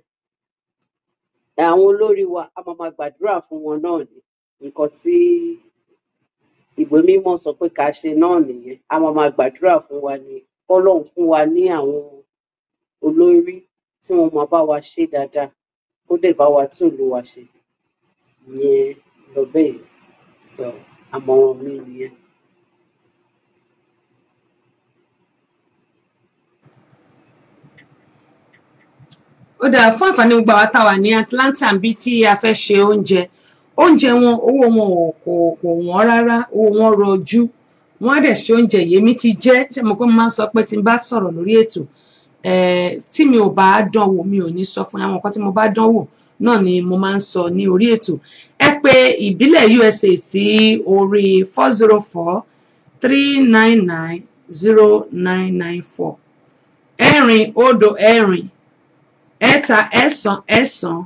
àwọn olórí wa a máa máa gbàdúrà fún wọn náà ni nǹkan tí ìwé mímọ́ sọ pé ká ṣe náà nìyẹn a máa máa gbàdúrà fún wa ni kọ́lọ́run fún wa ní àwọn olórí tí wọ́n máa bá wa ṣe dáadáa kó dẹ̀ bá wa tún ìlú wa ṣe ìyẹn lọ bẹ́ẹ̀ so àmọ̀ràn mi nìyẹn ó dára fún àǹfààní gbogbo àwọn táwa ní Atlanta bí tí a fẹ́ ṣe oúnjẹ oúnjẹ wọn owó wọn ò kò kò wọ́n rárá owó wọn rọjú wọ́n á dẹ̀ ṣe oúnjẹ yèmí ti jẹ́ ṣe mo pé mo máa ń sọ pé tí n bá sọ̀rọ̀ lórí ètò tí mi ò bá dán wò mi ò ní sọ fún àwọn nǹkan tí mo bá dán wò náà ni mo máa ń sọ ní orí ètò ẹ pè ìbílẹ̀ USA sí orí four zero four three nine nine zero nine nine four ẹ̀rin òdo ẹ̀rin ẹ̀ta ẹ̀sán ẹ̀sán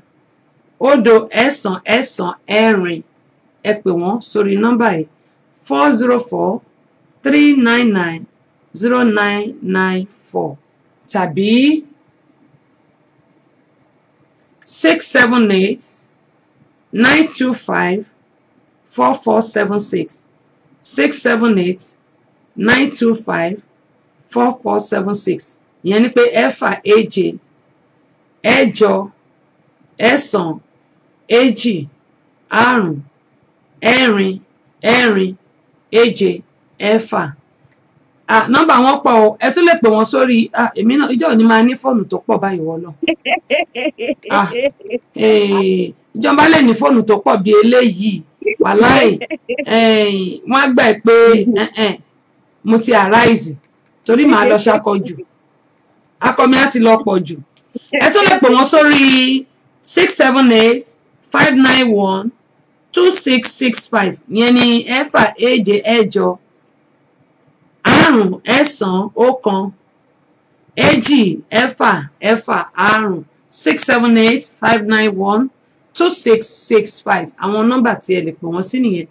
Odo ẹ̀sán ẹ̀sán ẹ̀rin ẹ pè wọ́n sórí nọ́mbà yìí four zero four three nine nine zero nine nine four tàbí six seven eight nine two five four four seven six six seven eight nine two five four four seven six ìyẹn ni pé ẹ̀fà èje ẹ̀jọ ẹ̀sán èjì àrún ẹ̀rin ẹ̀rin èje ẹ̀fà ah nọ́mbà wọn pọ̀ o ẹ tún lè pè wọn sórí ah èmi náà ìjọ ni máa ní fóònù tó pọ̀ báyìí wọ́n lọ ah ìjọba lè ní fóònù tó pọ̀ bí eléyìí wàláì eh, wọ́n á gbà pé eh, mo ti arise torí màá lọ ṣàkọjù akọ mi á ti lọ pọ̀ jù ẹ tún lè pè wọ́n sórí six seven eight five nine one two six six five yẹn ni ẹ̀fà èje ẹ̀jọ àrùn ẹ̀sán ọ̀kan èjì ẹ̀fà ẹ̀fà àrùn six seven eight five nine one two six six five àwọn nọ́mbà tí ẹ lè pè wọ́n sí nìyẹn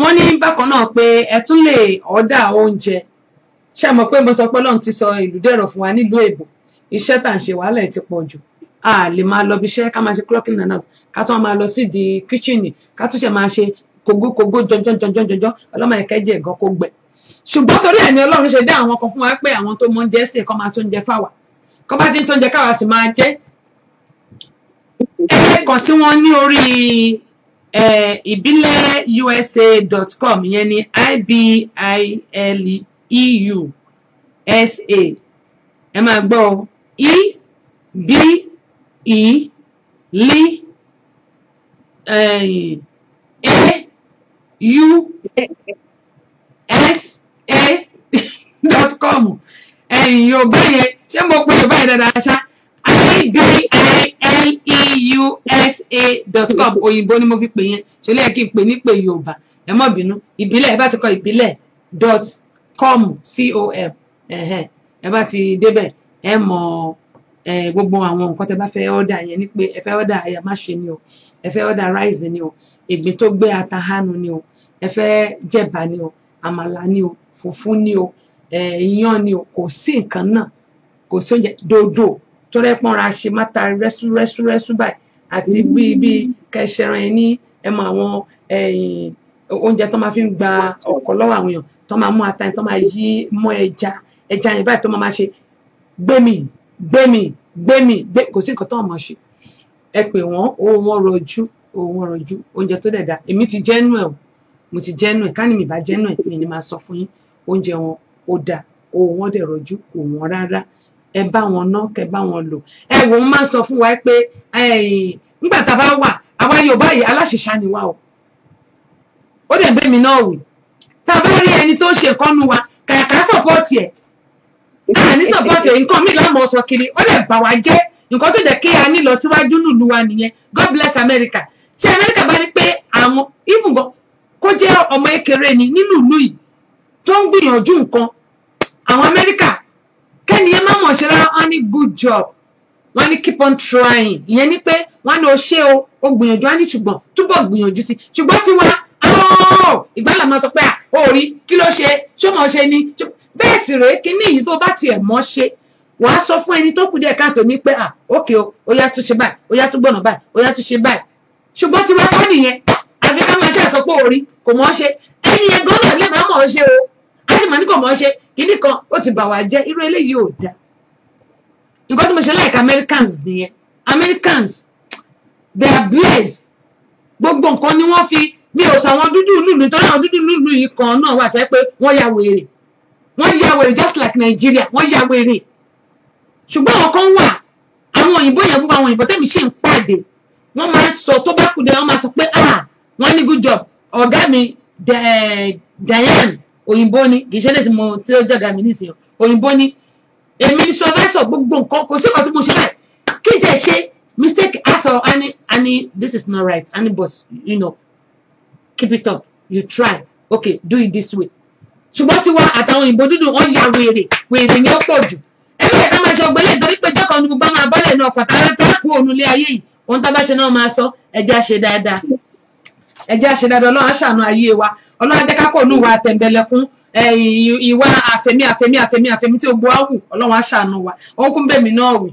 wọ́n ní bákan náà pé ẹ tún lè ọ̀dà oúnjẹ ṣé ẹ mọ̀ pé mo sọ pé Ọlọ́run ti sọ ìlú dẹ̀rọ̀ fún wa nílùú èbò iṣẹ́ tá à ń ṣe wàhálà ẹ̀ ti pọ̀ jù a lè máa lọ bí iṣẹ́ ká máa ṣe clocking and out ká tún máa lọ sí di kíchìnì ká tún ṣe máa ṣe kogó kogó jọjọjọjọjọ ọlọ́mọ ẹ̀kẹ́ jẹ́ ẹ̀gán kó gbẹ. ṣùgbọ́n torí ẹ̀ ni ọlọ́run ṣe dé àwọn kan fún wa pé àwọn tó mọ oúnjẹ sí ẹ̀kọ́ máa tó oúnjẹ fáwa kọ́ bá ti ń sóúnjẹ káwa sì máa jẹ́. ẹ kàn sí wọn ní orí ìbílẹ̀usa.com ìyẹn ni ibileeu ẹ máa gbọ́ o i, bí, I lí, e, e, u, s, a e, dot com ẹ̀yìn yorùbá yẹn ṣé mo pe yorùbá yẹn dáadáa ṣá i b i l e u s a dot com òyìnbó ni mo fi pè yẹn ṣòlẹ́ yẹ kí n pè ní pè yorùbá ẹ má bínú ìbílẹ̀ ẹ bá ti kọ ìbílẹ̀ dot com com ẹ bá ti débẹ̀ ẹ mọ gbogbo àwọn nǹkan tẹ bá fẹ́ ọ́dà yẹn ni pé ẹ fẹ́ ọ́dà àyà má ṣe ni o ẹ fẹ́ ọ́dà ráìsì ni o ìgbín tó gbé ata hánu ni o ẹ fẹ́ jẹ̀bà ni o àmàlà ni o fùfú ni o iyán ni o kò sí nǹkan náà kò sí oúnjẹ dòdò tó rẹ́ pọ́nra ṣe má ta rẹ́sú rẹ́sú rẹ́sú báyìí àti bíi bíi kẹsẹ̀rán ẹ ní ẹ mọ àwọn oúnjẹ tó máa fi ń gba ọkọ̀ lọ́wọ́ àwọn èèyàn tó máa mú ata yẹn tó máa yí mọ́ ẹja ẹja yẹn báyìí tó máa máa ṣe gbẹ̀mí gbẹ̀mí gbẹ̀mí gbẹ kò sí nǹkan tó wọn máa ṣe ẹ pè wọn owó wọn rọjú owó wọn rọjú oúnjẹ tó dẹ̀ da èmi ti jẹ́ nù ẹ̀ o mo ti jẹ́ nù ẹ̀ káni mi bá jẹ́ nù mi ni máa sọ fún yín oúnjẹ wọn ó da owó wọn dẹ̀ rọjú kò wọ́n rárá ẹ bá wọn ná kẹ bá wọn lò ẹ wò ó máa sọ fún wa pé nígbà tá a bá wà àwa Yorùbá yìí aláṣẹṣà ni wa o ó dẹ̀ bẹ́ẹ̀ mi náà wì tá a bá rí ẹni tó ṣe kọ́nu wa kàkà sọ̀pọ̀tì ẹ̀ àní support nǹkan mi láàmú ọsọ kiri ó lè bà wá jẹ́ nǹkan tó jẹ́ kí a ní lọ síwájú nílùú wa nìyẹn God bless America tí America bá ní pé àwọn even kó jẹ́ ọmọ ekere ni nínú ìlú yìí tó ń gbìyànjú nǹkan àwọn America kẹ́ni ẹ má mọ̀ ṣe rárá wọn ní good job wọn ní keep on trying ìyẹn ni pé wọn ní o ṣe o o gbìyànjú á ní ṣùgbọ́n túbọ̀ gbìyànjú sí ṣùgbọ́n tiwa oh, ìgbàlà máa sọ pé à ó rí kí ló ṣe ṣó mọ̀ ṣe ni bẹ́ẹ̀ sì rèé kíní yìí tó bá tiẹ̀ mọ́ ṣe wàá sọ fún ẹni tó kù díẹ̀ káàtó ní pé à ókè o ó yá tún ṣe báyìí ó yá tún gbọ̀nà báyìí ó yá tún ṣe báyìí ṣùgbọ́n tí wọ́n kọ́ nìyẹn àfi ká máa ṣe àtọ́pọ̀ orí kò mọ́ ṣe ẹni yẹn gan-an lè má mọ̀ ọ́ ṣe o á sì mọ̀ ní kò mọ̀ ọ́ ṣe kíní kan ó ti bà wá jẹ́ irú eléyìí ò dáa nǹkan tí mo ṣe like Americans nìyẹn Americans they are blessed gbogbo nǹkan ni wọ́n fi mi ò sọ àwọn dúdú lùlù nítorí àwọn dúdú lùlù yìí kan náà wà tẹ́ pé wọ́n ya wèrè wọ́n ya wèrè just like Nigeria wọ́n ya wèrè ṣùgbọ́n àwọn kan wà àwọn òyìnbó yẹn gbogbo àwọn òyìnbó tẹ́mi ṣe ń pàdé wọ́n máa sọ tó bá kú dé wọ́n máa sọ pé ah wọ́n ní good job ọ̀gá mi eh, Diane òyìnbó ni kì í ṣe létí mo tí ó jọ̀gá mi nísìnyí òyìnbó ni èmi ní supervisor gbogbo nǹkan kò sí nǹkan tí mo ṣe báyìí kí n tẹ̀ ṣe mistake aso ani ani this is not right ani but you know keep it up you try okay do it this way ṣùgbọ́n tiwa àtàwọn òyìnbó dúdú wọn ya wèrè wèrè yẹn pọ̀ jù ẹgbẹ́ ìta máa ṣe ọgbẹ́lẹ̀ nítorí pé jọ́kọ̀ ní gbogbo àwọn abọ́lẹ̀ náà pàtàkì tákù ònulẹ̀ ayé yìí ohun tá a bá ṣe náà máa sọ ẹjẹ́ àṣe dáadáa ẹjẹ́ àṣe dáadáa ọlọ́run àṣàánú ayé wa ọlọ́run adékákọ̀ olúwa àtẹ̀m̀bẹ̀lẹ̀kún ìwà àfẹ̀mí àfẹ̀mí àfẹ̀mí àfẹ̀mí tí gbogbo wa wù ọlọ́run àṣàánú wa òun kún bẹ́ẹ̀ mi náà wì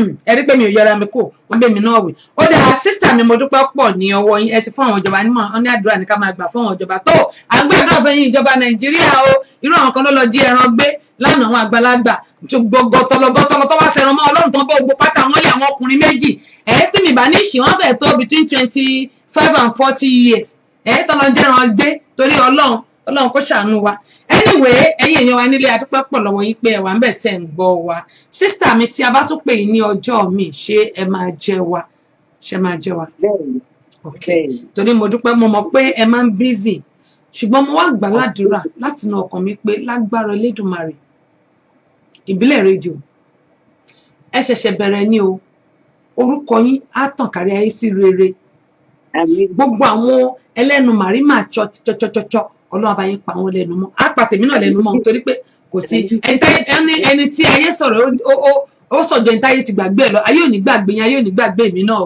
ẹ̀rí pé mi ò yọra mi kò ó bẹ̀ mí náà wè ó dáa sísítà mi mo dúpẹ́ pọ̀ ní ọwọ́ yín ẹ ti fún àwọn ìjọba nímọ̀ ọ́n ní àdúrà ní ká máa gbà fún àwọn ìjọba tó à ń gbàdúrà fún yín ìjọba nàìjíríà o irú àwọn kan ló lọ jí ẹran gbé lánàá àwọn àgbàlagbà gbọgọtọlọ gọtọlọ tó wá sẹran mọ́ ọlọ́run tó ń gbogbo pátá wọn lé àwọn ọkùnrin méjì ẹ̀ tí mi bá ní ìṣì wọn fẹ̀ tó between twenty five and forty years ẹ̀ tọ́lọ́ jẹ́ran gbé torí ọlọ́run ọlọ́run kó ṣàánú wa anyway ẹ̀yin èèyàn wa nílé adúpẹ́ pọ̀ lọ́wọ́ yín pé ẹ wà ń bẹ̀ tẹ́ ń gbọ́ wa sísítà mi tí a bá tún pè yín ní ọjọ́ mi ṣé ẹ máa jẹ wa ṣé máa jẹ wa. torí mo dúpẹ́ mo mọ̀ pé ẹ máa ń bízì ṣùgbọ́n mo wá gbà ládùúrà látinú ọkàn mi pé lágbára Elédùmarè ìbílẹ̀ rédíò ẹ ṣẹ̀ṣẹ̀ bẹ̀rẹ̀ ni o orúkọ yín á tàn kárí ayé sí rere gbogbo àwọn ẹlẹ́nu màrímà chọ́chọ́chọ́chọ́ ọlọ́run abáyé pa wọ́n lẹ́nu mọ́ á pa tèmi náà lẹ́nu mọ́ torí pé kò sí ẹni tí ayé sọ̀rọ̀ ó sọ̀jọ́ ní táyé ti gbàgbé ẹ̀ lọ ayé ò ní gbàgbé yín ayé ò ní gbàgbé mi náà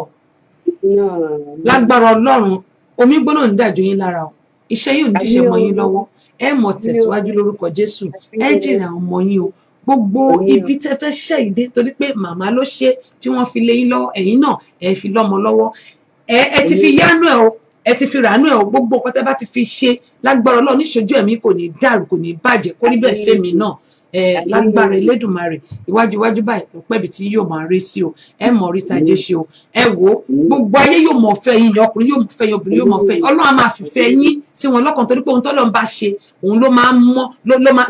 lágbára ọlọ́run omi gbóná ń dàjò yín lára o iṣẹ́ yóò ní ṣiṣẹ́ mọ́ yín lọ́wọ́ ẹ mọ̀ tẹ̀síwájú lórúkọ jésù ẹ jìnnà ọmọ yín o gbogbo ibi tẹ fẹ́ ṣẹ́ ìdé torí pé màmá ló ṣe tí wọ́n fi lé yín lọ́wọ́ ẹ̀yin náà ẹ fi lọ́mọ lọ́wọ́ ẹ ti fi yánú ẹ o ẹ ti fi ràánú ẹ̀ o gbogbo nǹkan tẹ́ bá ti fi ṣe lágbára Ọlọ́run níṣojú ẹ̀mí kò ní dàrú kò ní bàjẹ́ kó níbẹ̀ fẹ́mi náà ẹ lágbára Elédùmarè iwájú iwájú báyìí kò pẹ́bi tí yóò máa rí sí o ẹ mọ̀ orí tajé ṣe o ẹ wo gbogbo ayé yóò mọ̀ fẹ́ yín ọkùnrin yóò mọ̀ fẹ́ yín obìnrin yóò mọ̀ fẹ́ yín Ọlọ́run á máa fìfẹ́ yín sí wọn lọ́kàn torí pé ohun tọ́lọ́run bá ṣe òun ló máa ń mọ́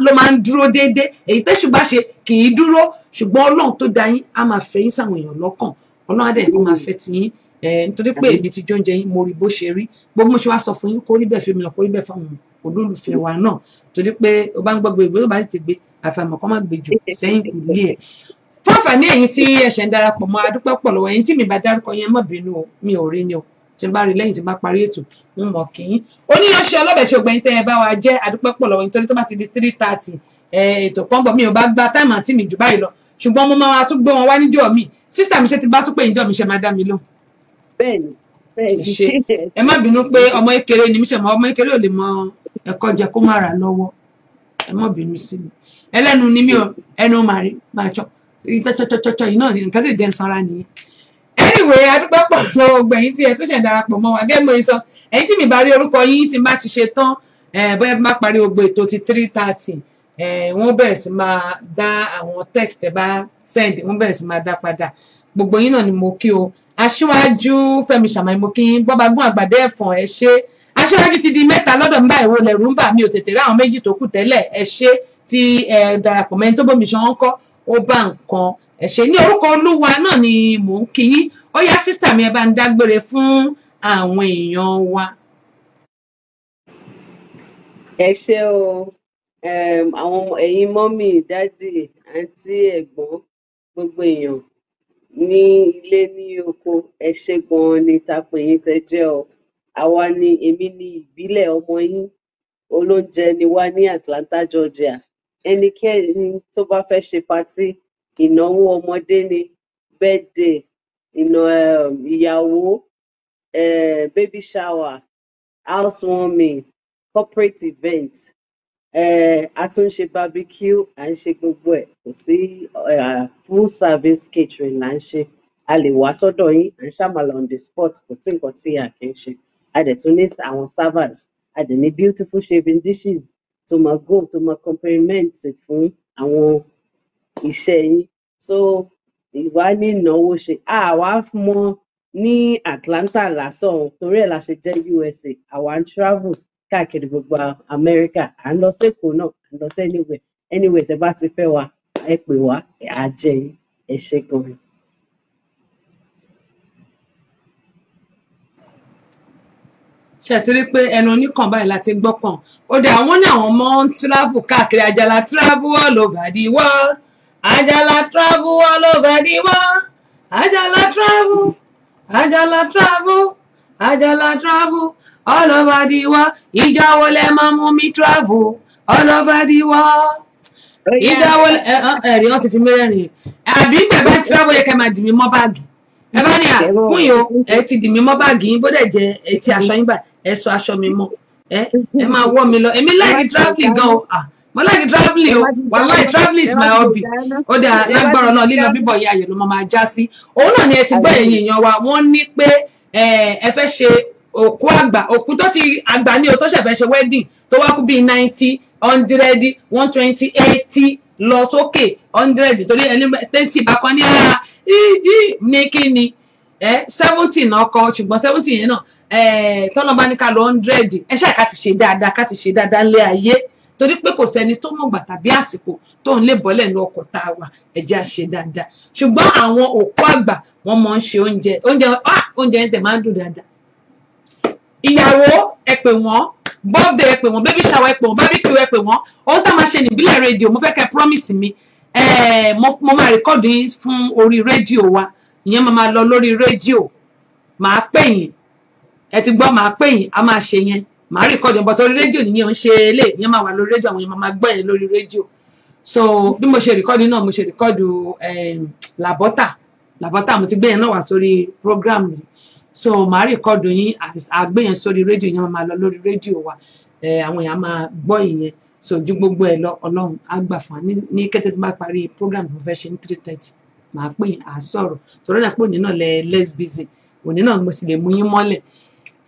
ló máa ń dúró déédéé èyí tẹ́ṣù bá ṣe kì í dúró ṣùgbọ́n Ọlọ́run tó dá yín á máa fẹ́ yín sáwọn èèyàn lọ́kàn Ọlọ́run á dẹ̀ ló máa fẹ́ ti nítorí pé èmi ti jóúnjẹ yín mo rí bó ṣe rí gbogbo mo ṣe wá sọ fún yín kó rí bẹ́ẹ̀ fèmi lọ kó rí bẹ́ẹ̀ fáwọn olólùfẹ́ wa náà torí pé o bá ń gbọ́ gbogbo tó bá ti gbé àfàìmọ̀ kọ́ má gbé jù sẹ́yìn kò ẹ̀. fún àǹfààní ẹ̀yin tí ẹ̀ṣẹ̀ ń darapọ̀ mọ́ adúpẹ́ pọ̀ lọ́wọ́ ẹ̀yin tí mi bá dárúkọ yẹn mọ̀ bínú mi ò rí ni o tí n bá rí lẹ́yìn tí n bá parí ètò ń mọ̀ kí n. oníyanṣẹ́ ọlọ́bẹ̀ ṣe ògbẹ́yìn tẹ́ ẹ bá wa jẹ́ adúpẹ́ pọ̀ lọ́wọ́ nítorí tó bá ti di three thirty ètò kan mi ò bá gba táìmù àti mi jù báyìí lọ ṣùgbọ́n mo máa tún gbé wọn wá níjọ́ mi sísà mi ṣe ti bá tún pé ìjọ mi ṣe máa dá mi lóhùn bẹ́ẹ̀ni bẹ́ẹ̀ni. ṣe ẹ má bínú pé ọmọ ékeré ni mí ṣe mọ ọmọ ékeré ò lè mọ ẹ̀kọ́ jẹ kó má ra lọ́wọ́ ẹ má bínú sí mi ẹlẹ́nu ni mí o ẹnu màá rí màá tọ́ tọ́tọ́tọ́tọ́ yìí náà nǹkan sì jẹ́ sanra nìyẹn. anyway adúpẹ́ pọ̀ lọ́wọ́ gbẹ̀yìn tí ẹ tún ṣẹ̀ darapọ̀ mọ́ wa gẹ́gbẹ́ yìí sọ ẹ̀yìn tí mi bá rí orúkọ yín tí má ti ṣe tán bóyá tí má parí ogbó ètò ti three thirty wọ́n bẹ̀rẹ̀ sí máa dá àwọn text ẹ bá send wọ́n bẹ̀rẹ̀ sí máa dá padà gbogbo yín náà ni mo kí o aṣíwájú fẹ́mi ṣàmàìmọ̀kín gbọ́bagbọ́n àgbàdo ẹ̀fọ̀n ẹ ṣé aṣíwájú ti di mẹ́ta lọ́dọ̀ mi báyìí wo lẹ̀rú ń bà mí ò tètè rí àwọn méjì tó kù tẹ́lẹ̀ ẹ ṣé ti ẹ darapọ̀ mẹ́ni tó bómi ṣan kọ́ ó bá nǹkan ẹ ṣé ní orúkọ olúwa náà ni mò ń kí yín ó yá sísà mi ẹ bá ń dágbére fún àwọn èèyàn wa. ẹ ṣé o àwọn ẹ̀yin mọ́mì dádì àǹtí ẹ̀gbọ́n gbogbo èèyàn ní ilé ní oko ẹ ṣe ganan ni ta pè yín tẹ jẹ ọ àwa ni èmi ni ìbílẹ ọmọ yín olóúnjẹ ni wá ní atlanta georgia ẹnikẹni tó bá fẹẹ ṣe patí ìnáwó ọmọdé ni bẹẹdẹ ìnà um, ìyàwó um, baby shower housewarming corporate event a tún ṣe barbecue à ń ṣe gbogbo ẹ̀ kò sí full service catering là ń ṣe a lè wá sọ́dọ̀ yín à ń ṣàmàlà on the spot kò sí nǹkan tí a kì í ṣe a dẹ̀ tún ní àwọn servers a dẹ̀ ní beautiful shaving dishes tó máa go tó máa compliment fún àwọn iṣẹ́ yín so ìwà ní ìnáwó ṣe àwa mọ ní Atlanta lásán torí ẹ̀ la ṣe jẹ́ USA àwa ń travel káàkiri gbogbo amẹ́ríkà à ń lọ sẹ́kọ̀ọ́ náà à ń lọ sí anywhere anywhere bá ti fẹ́ wa ẹ pè wá á jẹ́ yín gan-an. pé ẹnu oníkan báyìí láti gbọ́ ó dé àwọn ní àwọn ọmọ ń travel káàkiri àjàlá travel all over the world àjàlá travel all over the world àjàlá travel àjàlá travel Ajala travel all over the world. Ìjà wo lẹ máa mú mi travel all over the world. Ìjà wo lẹ ẹ̀rí wọ́n ti fi mí rẹ́rìn-ín. Àbí bẹ̀bá travel yẹ kẹ́ máa dì mí mọ́ báàgì. Ẹ bá ní à fún yìí o, ẹ ti dì mí mọ́ báàgì yín bódẹ̀ jẹ́ ẹ aṣọ yín bá ẹ sọ aṣọ mi mọ́. Ẹ ẹ máa wọ́ mi lọ. Èmi láìkí travelling gan o. Mo láìkí travelling o. Wàláì travelling is my hobby. Ó dà lágbára náà lílọ bíbọ̀ ìyá ayọ̀ ló máa já sí. Òun náà ni ẹ ti gbọ́ ẹ̀yìn èèyàn wa. Wọ́n ní pé ẹ fẹ́ ṣe òkú àgbà òkú tó ti àgbà ní o tó ṣẹ̀fẹ́ ṣe wedding tó wá kú bíi ninety hundred one twenty eighty lọ sókè hundred torí ẹni tẹ́tì bá kọ́ ní ara ní kí ni seventy náà kọ ṣùgbọ́n seventy yẹn náà tọ́lọ́ba ní ká lọ hundred ẹ ṣáà ká ti ṣe dáadáa ká ti ṣe dáadáa lé ayé torí pé kò sẹ́ni tó mọ̀gbà tàbí àsìkò tó ń lè bọ́lẹ̀ ní ọkọ̀ tá a wà ẹ̀jẹ̀ àṣẹ dáadáa ṣùgbọ́n àwọn òkú àgbà wọ́n mọ̀ ń ṣe oúnjẹ oúnjẹ ah oúnjẹ yẹn tẹ̀ máa ń dùn dáadáa ìyàwó ẹ pè wọ́n birthday ẹ pè wọ́n baby shower ẹ pè wọ́n barbecue ẹ pè wọ́n ohun tá a máa ṣe níbílẹ̀ rédíò mo fẹ́ kẹ́ promise mi eh, mo máa rìkọ́dù yín fún orí rédíò wa ìyẹn máa máa lọ lórí rédíò màá pè yín ẹ ti gbọ́ màá pè yín a máa ṣe yẹn màá rìkọ́dù bọ́tọ̀ orí rédíò nìyẹn ń ṣe lé ìyẹn máa wà lórí rédíò àwọn èèyàn máa gbọ́ yẹn lórí rédíò so bí mo ṣe rìkọ́dù náà mo ṣe rìkọ́dù eh, làbọ́tà làbọ́tà mo ti gbé yẹn náà wá sórí program mi so màá rìkọ́dù yín àgbé yẹn sórí rédíò yẹn máa lọ lórí rédíò wa àwọn èèyàn máa gbọ́ ìyẹn so ju gbogbo ẹ lọ ọlọ́run á gbà fún wa ní kété tí bá parí program tó fẹ́ ṣe ní three thirty màá pè à sọ̀rọ̀ torí náà pé òní náà lẹ less busy òní náà mo sì lè mú yín mọ́lẹ̀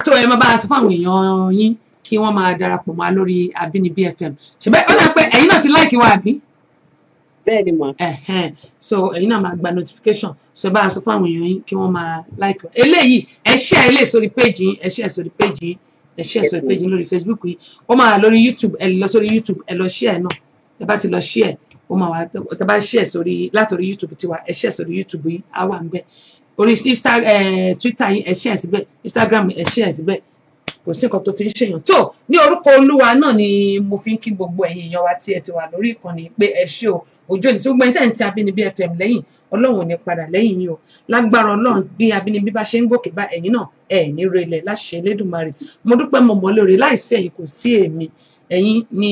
tó ẹ máa bá a sọ fún àwọn èèyàn yín kí wọ́n máa darapọ̀ mọ́ lórí Abínibí FM ṣùgbọ́n ó dà pé ẹ̀yin náà ti láìkí wa àbí bẹ́ẹ̀ ni mà. so ẹ̀yin náà máa gba notification so ẹ bá a sọ fún àwọn èèyàn yín kí wọ́n máa like ọ eléyìí ẹ share ẹ lè sórí page yín ẹ share sórí page yín ẹ share sórí page yín lórí Facebook yín ó máa lórí YouTube ẹ lọ sórí YouTube ẹ lọ share náà ẹ bá ti lọ share ó máa wà tẹ bá share sórí látòrí YouTube tiwa ẹ share sórí YouTube yín á wà ńbẹ̀ orí Twitter yín ẹ share síbẹ̀ Instagram ẹ share síbẹ̀ kò sí nǹkan tó fi ń ṣèyàn tó ní orúkọ olúwa náà ni mo fi ń kí gbogbo ẹ̀yin èèyàn wa tí ẹ ti wà lórí ìkànnì pé ẹ ṣé o òjò ní tí gbogbo ẹni tẹ̀ ń ti Abínibí FM lẹ́yìn ọlọ́run ò ní padà lẹ́yìn yín o lágbára ọlọ́run bí Abínibí bá ṣe ń gòkè bá ẹ̀yin náà ẹ̀ relẹ̀ láṣẹ Elédùmarè mo dúpẹ́ mo mọ̀ lórí láìsí ẹ̀yin kò sí èmi ẹ̀yin ni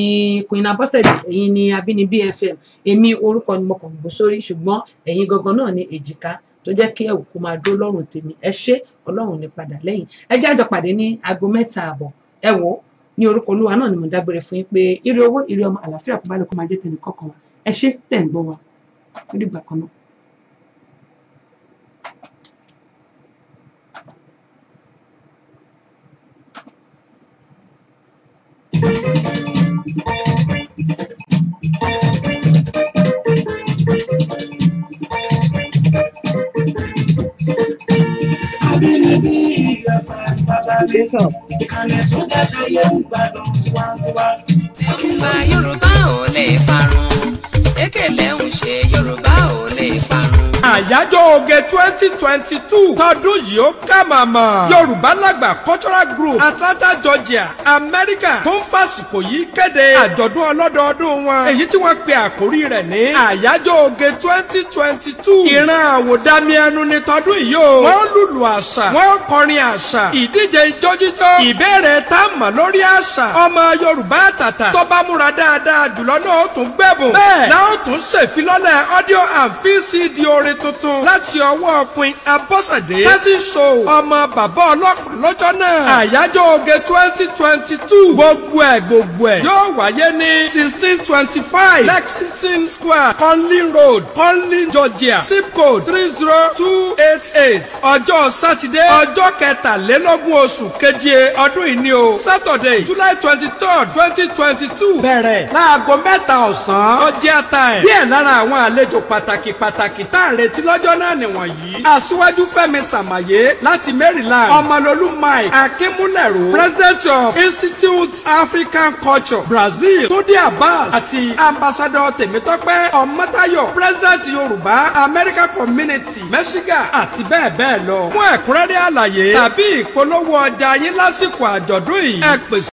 Queen Abọ́sẹ̀dé ẹ̀yin ni Abínibí FM èmi orúkọ ni mo kàn gbó sórí ṣùgbọ́n ẹ̀yin gangan náà ni èjìká tó jẹ́ kí ẹ̀wù kó máa dó lọ́rùn tèmi ẹ ṣé ọlọ́run ní padà lẹ́yìn ẹ jẹ́ àjọ ní aago mẹ́ta àbọ̀ ẹ wò ní orúkọ olúwa náà ni mo dágbére fún yín pé ire owó ire ọmọ àlàáfíà kó bá lè kó máa jẹ́ tẹnì wa ẹ ṣé tẹ̀ ń gbọ́ wa ó dìgbà kan náà. Ìkànnì tó dájú ń gbádùn Yorùbá ò lè parun ekele ń ṣe Yorùbá ò lè parun àyájọ́ oge twenty twenty two tọdún yìí ó ká màmá yorùbá lágbà cultural group atlanta georgia America tó ń fàsìkò yìí kéde àjọ̀dún ọlọ́dọọdún wọn èyí tí wọ́n pe àkórí rẹ̀ ní àyájọ́ oge twenty twenty two ìran àwòdámi ẹnu ni tọdún yìí o wọ́n lùlù àṣà wọ́n kọrin àṣà ìdíje ìjọ́jítọ́ ìbéèrè tá a mọ̀ lórí àṣà ọmọ yorùbá àtàtà tó bá múra dáadáa jùlọ náà ó tún gbẹ̀bùn bẹ́ẹ̀ náà ó tún ṣèfilọ́lẹ̀ audio and vcd orin tuntun láti ọwọ́ ọkùnrin abọ́sẹ̀dé tẹ́síṣò ọmọ bàbá ọlọ́pàá lọ́jọ́ náà àyájọ́ oge twenty twenty two gbogbo ẹ̀ gbogbo ẹ̀ yóò wáyé ní sixteen twenty five lexington square conlin road conlin georgia zip code three zero two eight eight ọjọ́ sátidé ọjọ́ kẹtàlélógún oṣù keje ọdún yìí o saturday july twenty third twenty twenty two bẹ̀rẹ̀ láago mẹ́ta ọ̀sán ọjọ́ time díẹ̀ lára àwọn àlejò pàtàkì pàtàkì tá à ń retí lọ́jọ́ náà nìwọ̀nyí. aṣíwájú fẹ́mi sàmàyé láti maryland ọmọlólú mike akínmúlẹ̀rọ president of institute african culture brazil túndé abbas àti ambassador tèmítọ́pẹ́ ọmọ́táyọ̀ president yorùbá american community michigan àti bẹ́ẹ̀ bẹ́ẹ̀ lọ. fún ẹ̀kúnrẹ́rẹ́ àlàyé tàbí ìpolówó ọjà yín lásìkò àjọ̀dún yìí